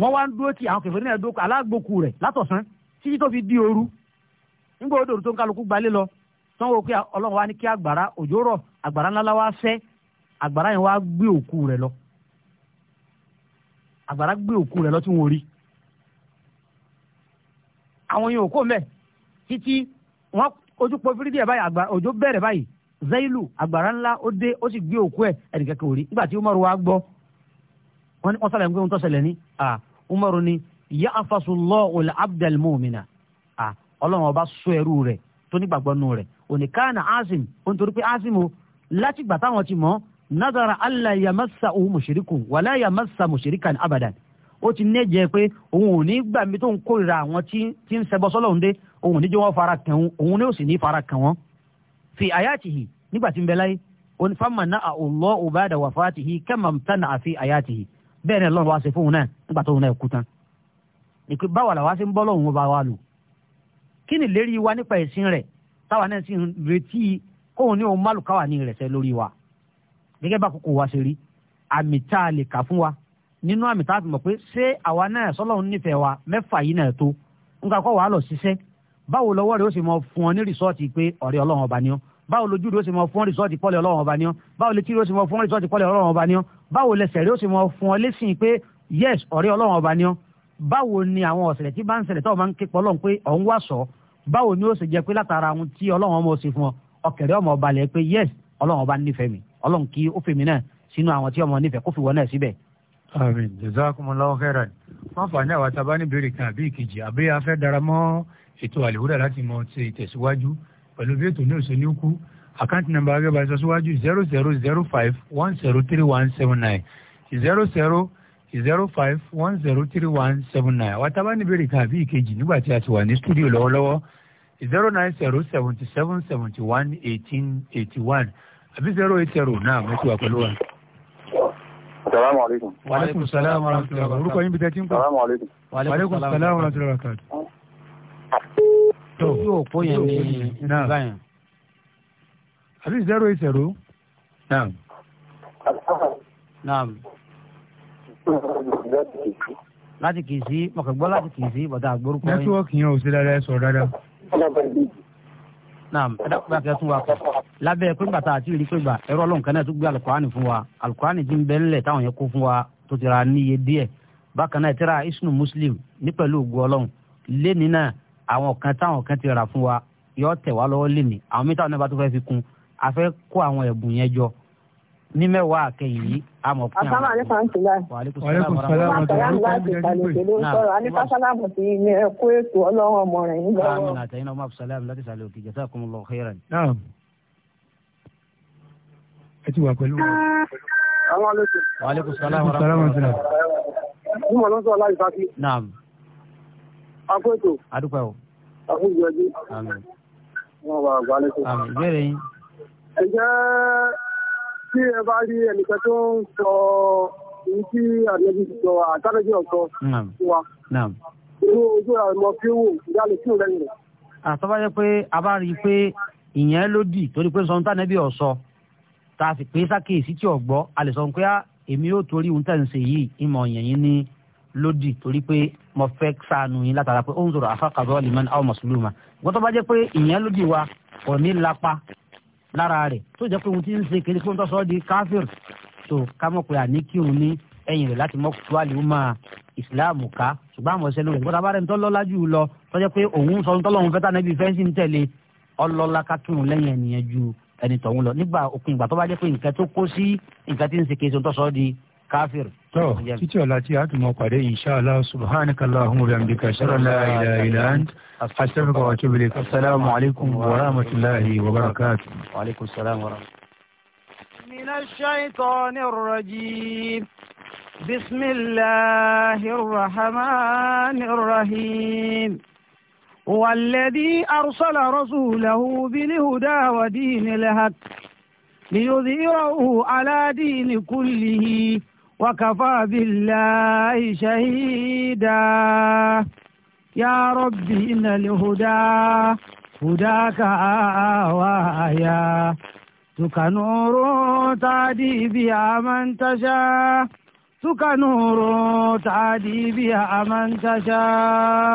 S3: wọ́n wá ń dúró tí àwọn kẹfẹ́ náà dókò alágbòkù rẹ̀ látọ̀sán títí tó fi di ooru nígbà odò tó ń kálukú gbalé lọ sanwó pé ọlọ́run wá ní kí àgbàrá òjò rọ̀ àgbàrá ńlá wá fẹ́ àgbàrá yẹn wá gbé òkú rẹ̀ lọ àgbàrá gbé òkú rẹ̀ lọ tí wọ́n rí àwọn yẹn òkú mẹ́ títí wọ́n ojú pọ̀ fírídìí ẹ̀ báyìí àgbàrá òjò bẹ̀rẹ̀ báyìí zailu agbára ńlá ó dé ó sì gbé òkú ẹ ẹnìkan kò rí nígbà tí umaru wa gbọ́ wọn ni wọn sàlẹ̀ nígbà tó ṣẹlẹ̀ ní à umaru ni ya afasulọ olè abdul mumina à ọlọ́run ọba sọ ẹrú rẹ̀ tó nígbàgbọ́ nù rẹ̀ òní kánà asim ó ń torí pé asim o láti gbà táwọn ti mọ̀ nazara allah yamasa ohun mushrikun wàlá yamasa mushrikan abadan ó ti nẹ́jẹ̀ pé òun ò ní gbàmí tó ń kórìíra àwọn tí ń ṣẹbọ sọ́lọ́run dé òun ò ní jẹ́ wọ́n fara kàn òun òun ní sì ní fara kàn fi àyàtìhì nígbà tí ń bẹ láyé òní fáwọn náà àwòlọ́ òbáàdà wà fàátìhì kẹ́mà tánà àfi àyàtìhì bẹ́ẹ̀ ni ọlọ́run wá ṣe fóun náà nígbà tóun náà kú tán ìpè báwa làwa ṣe ń bọ́ lọ́run ọba wa lò kí ni lérí wa nípa ẹ̀sìn rẹ̀ táwa náà sì ń retí kóun ní òun málùkáwà ní ìrẹsẹ̀ lórí wa gẹ́gẹ́ bá kókó wa ṣe rí àmì tá a lè kà fún wa nínú àmì tá a fi mọ̀ pé ṣé àwa náà sọ́lọ́run nífẹ̀ẹ́ wa mẹ́fà yìí náà tó nǹkan kọ́ wàá lọ ṣiṣẹ́ báwo lọ́wọ́ rẹ̀ ó sì mọ fún ọ ní rìsọ́ọ̀tì pé ọ̀rẹ́ ọlọ́run ọba ni ọ́ báwo lójú rẹ̀ ó sì mọ fún rìsọ́ọ̀tì pọ́lẹ̀ ọlọ́run ọba ni ọ́ báwo létí rẹ̀ ó sì mọ fún rìsọ́ọ̀tì pọ́lẹ̀ ọlọ́run ọba ni ọ́ báwo lẹsẹ̀ rẹ̀ ó sì mọ fún ọ lẹ́sìn pé yes ọ̀rẹ́ ọlọ́run ọba ni ọ́ báwo ni àwọn ọ̀sẹ̀lẹ̀ tí bá ń ṣẹlẹ̀ tó máa ń ké pọ́ lọ́n pé ọ̀hún wà sọ báwo ni ó sì jẹ́ pé látara àwọn tí ọlọ́run ọmọ ṣe fún yes ọlọ́run ọba nífẹ̀ẹ́ mi ọlọ́run kí ó fèmí náà sínú àwọn tí ọmọ nífẹ̀ẹ́ kó fi wọ́n náà síbẹ̀.
S2: àmín jazakumullahu khairan wọn fà ètò àlèwúdà láti mọ ṣe ìtẹ̀síwájú pẹ̀lú bí ètò náà ṣe ní kú àkáǹtì nàmbà agẹ́bà sọ síwájú zero zero zero five one zero three one seven nine zero zero zero five one zero three one seven nine wàtá bá níbèrè kan àbí ìkejì nígbà tí a ti wà ní stúdíò lọ́wọ́lọ́wọ́ zero nine zero seventy seven seventy one eighteen eighty one àbí zero eight zero náà mo ti wà pẹ̀lú wa. salaamu aleykum. waaleykum salaam wa rahmatulah. orúkọ yín bí tẹ́tí ń pọ̀. salaamu waaleykum salaam wa rahmatulah tó yí òpó yẹn ní ìtura yẹn. àbí zero eight zero. naam. naam. láti kì í
S3: sí ọkọ̀ gbọ́ láti kì í sí bàtà àgbórúkọ yẹn. nẹ́tíwọ́ọ̀kì
S2: yẹn ò sí dáadáa sọ dáadáa.
S3: naam ẹ dákun bá kẹ́ tún wa kọ́ lábẹ́ pé bàtà àti ìrí pé gbà ẹ̀rọ ọlọ́run kan náà tún gbé alukurani fún wa alukurani ti ń bẹ́ ńlẹ̀ táwọn yẹn kó fún wa tó ti ra níye díẹ̀ bákan náà ẹ̀ tẹ́ra isnu muslim ní pẹ̀lú ògùn ọlọ́run lẹ́ni náà àwọn kan táwọn kan ti rà fún wa yóò tẹ̀ wá lọ́wọ́ lèmi àwọn mítà náà bá tó fẹ́ fi kún a fẹ́ kó àwọn ẹ̀bùn yẹn jọ ní mẹ́wàá àkẹyìn yìí a mọ̀ pé àwọn. àsámà
S1: nípa ń tìlá. wàhálẹ́kùn sálàmù àtàlámù láti ìsàlẹ̀ òkèlè ń sọ̀rọ̀ àníkà sálàmù ti ní ẹ̀kú ètò ọlọ́run ọmọ rẹ̀ nígbà wọn. àmì
S3: àtẹ̀yìn náà máa fi sálàmù láti ìsàlẹ̀ òkè jazakumullahu khairan. ẹ ti wà pẹ̀lú wa. wàhálẹ́kùn sálàmù àtàlámù àtàlámù akóso. adúpẹ́ o.
S1: àkókò ìjọjú. àmín. wọn wà àgbálẹ̀ tó. àmín ìbéèrè yín. ǹjẹ́ tí ẹ bá rí ẹnìkan tó ń sọ èyí tí àdébí sọ àtàlẹ́jì ọ̀sọ́ fún wa. irú ojú àmọ́ kí wò ìyáàlè kí ò lẹ́yìn rẹ̀. àtọ́bájẹ́ pé a bá rí
S3: i pé ìyẹn ló dì torí pé sọ̀ńtà nẹ́bí ọ̀sọ́ tá a sì pé sákèésí tí ọ̀gbọ́ a lè pé ah, èmi yóò torí ohun tẹ̀ ń ṣe yìí ìmọ̀ ọ̀yàn yín ní lódì torí pé mo fẹ́ sànù yín látara pé ó ń zòrò àfàkàzọ́ liman aw masluma wọ́n tó bá jẹ́ pé ìyẹn ló di wa kò ní lapa lára rẹ̀ tó jẹ́ pé òun ti ń ṣe kéde pé òun tó sọ ọ́ di káfíìr tó ká mọ̀ pé àní kí òun ní ẹ̀yìn rẹ̀ láti mọ̀ tó àlùmọ́ ìsìláàmù ká ṣùgbọ́n àwọn ọ̀sẹ̀ lórí ìgbọ́dọ̀ abárẹ̀ ńtọ́ lọ́lá jù lọ tó jẹ́ pé òun sọ ńtọ́ lọ́hún fẹ́tà níbi fẹ́ǹsì ń tẹ̀lé
S2: ọlọ́lá ká kí
S3: lẹ́yìn ẹ̀nìyẹn ju ẹni tọ̀hún lọ nígbà òkun ìgbà tó bá jẹ́ pé nǹkan tó kó sí nǹkan tí ń ṣe kéde tó sọ di káfíìr
S2: سبحانك اللهم وبحمدك اشهد ان لا اله الا انت استغفرك واتوب السلام عليكم ورحمه الله وبركاته وعليكم السلام ورحمه
S1: من الشيطان الرجيم بسم الله الرحمن الرحيم والذي ارسل رسوله بالهدى ودين الحق ليظهره على دين كله وكفى بالله شهيدا يا ربي إن الهدى هداك آوايا تك نور تعدي بها من تشاء تك نور تعدي بها من تشاء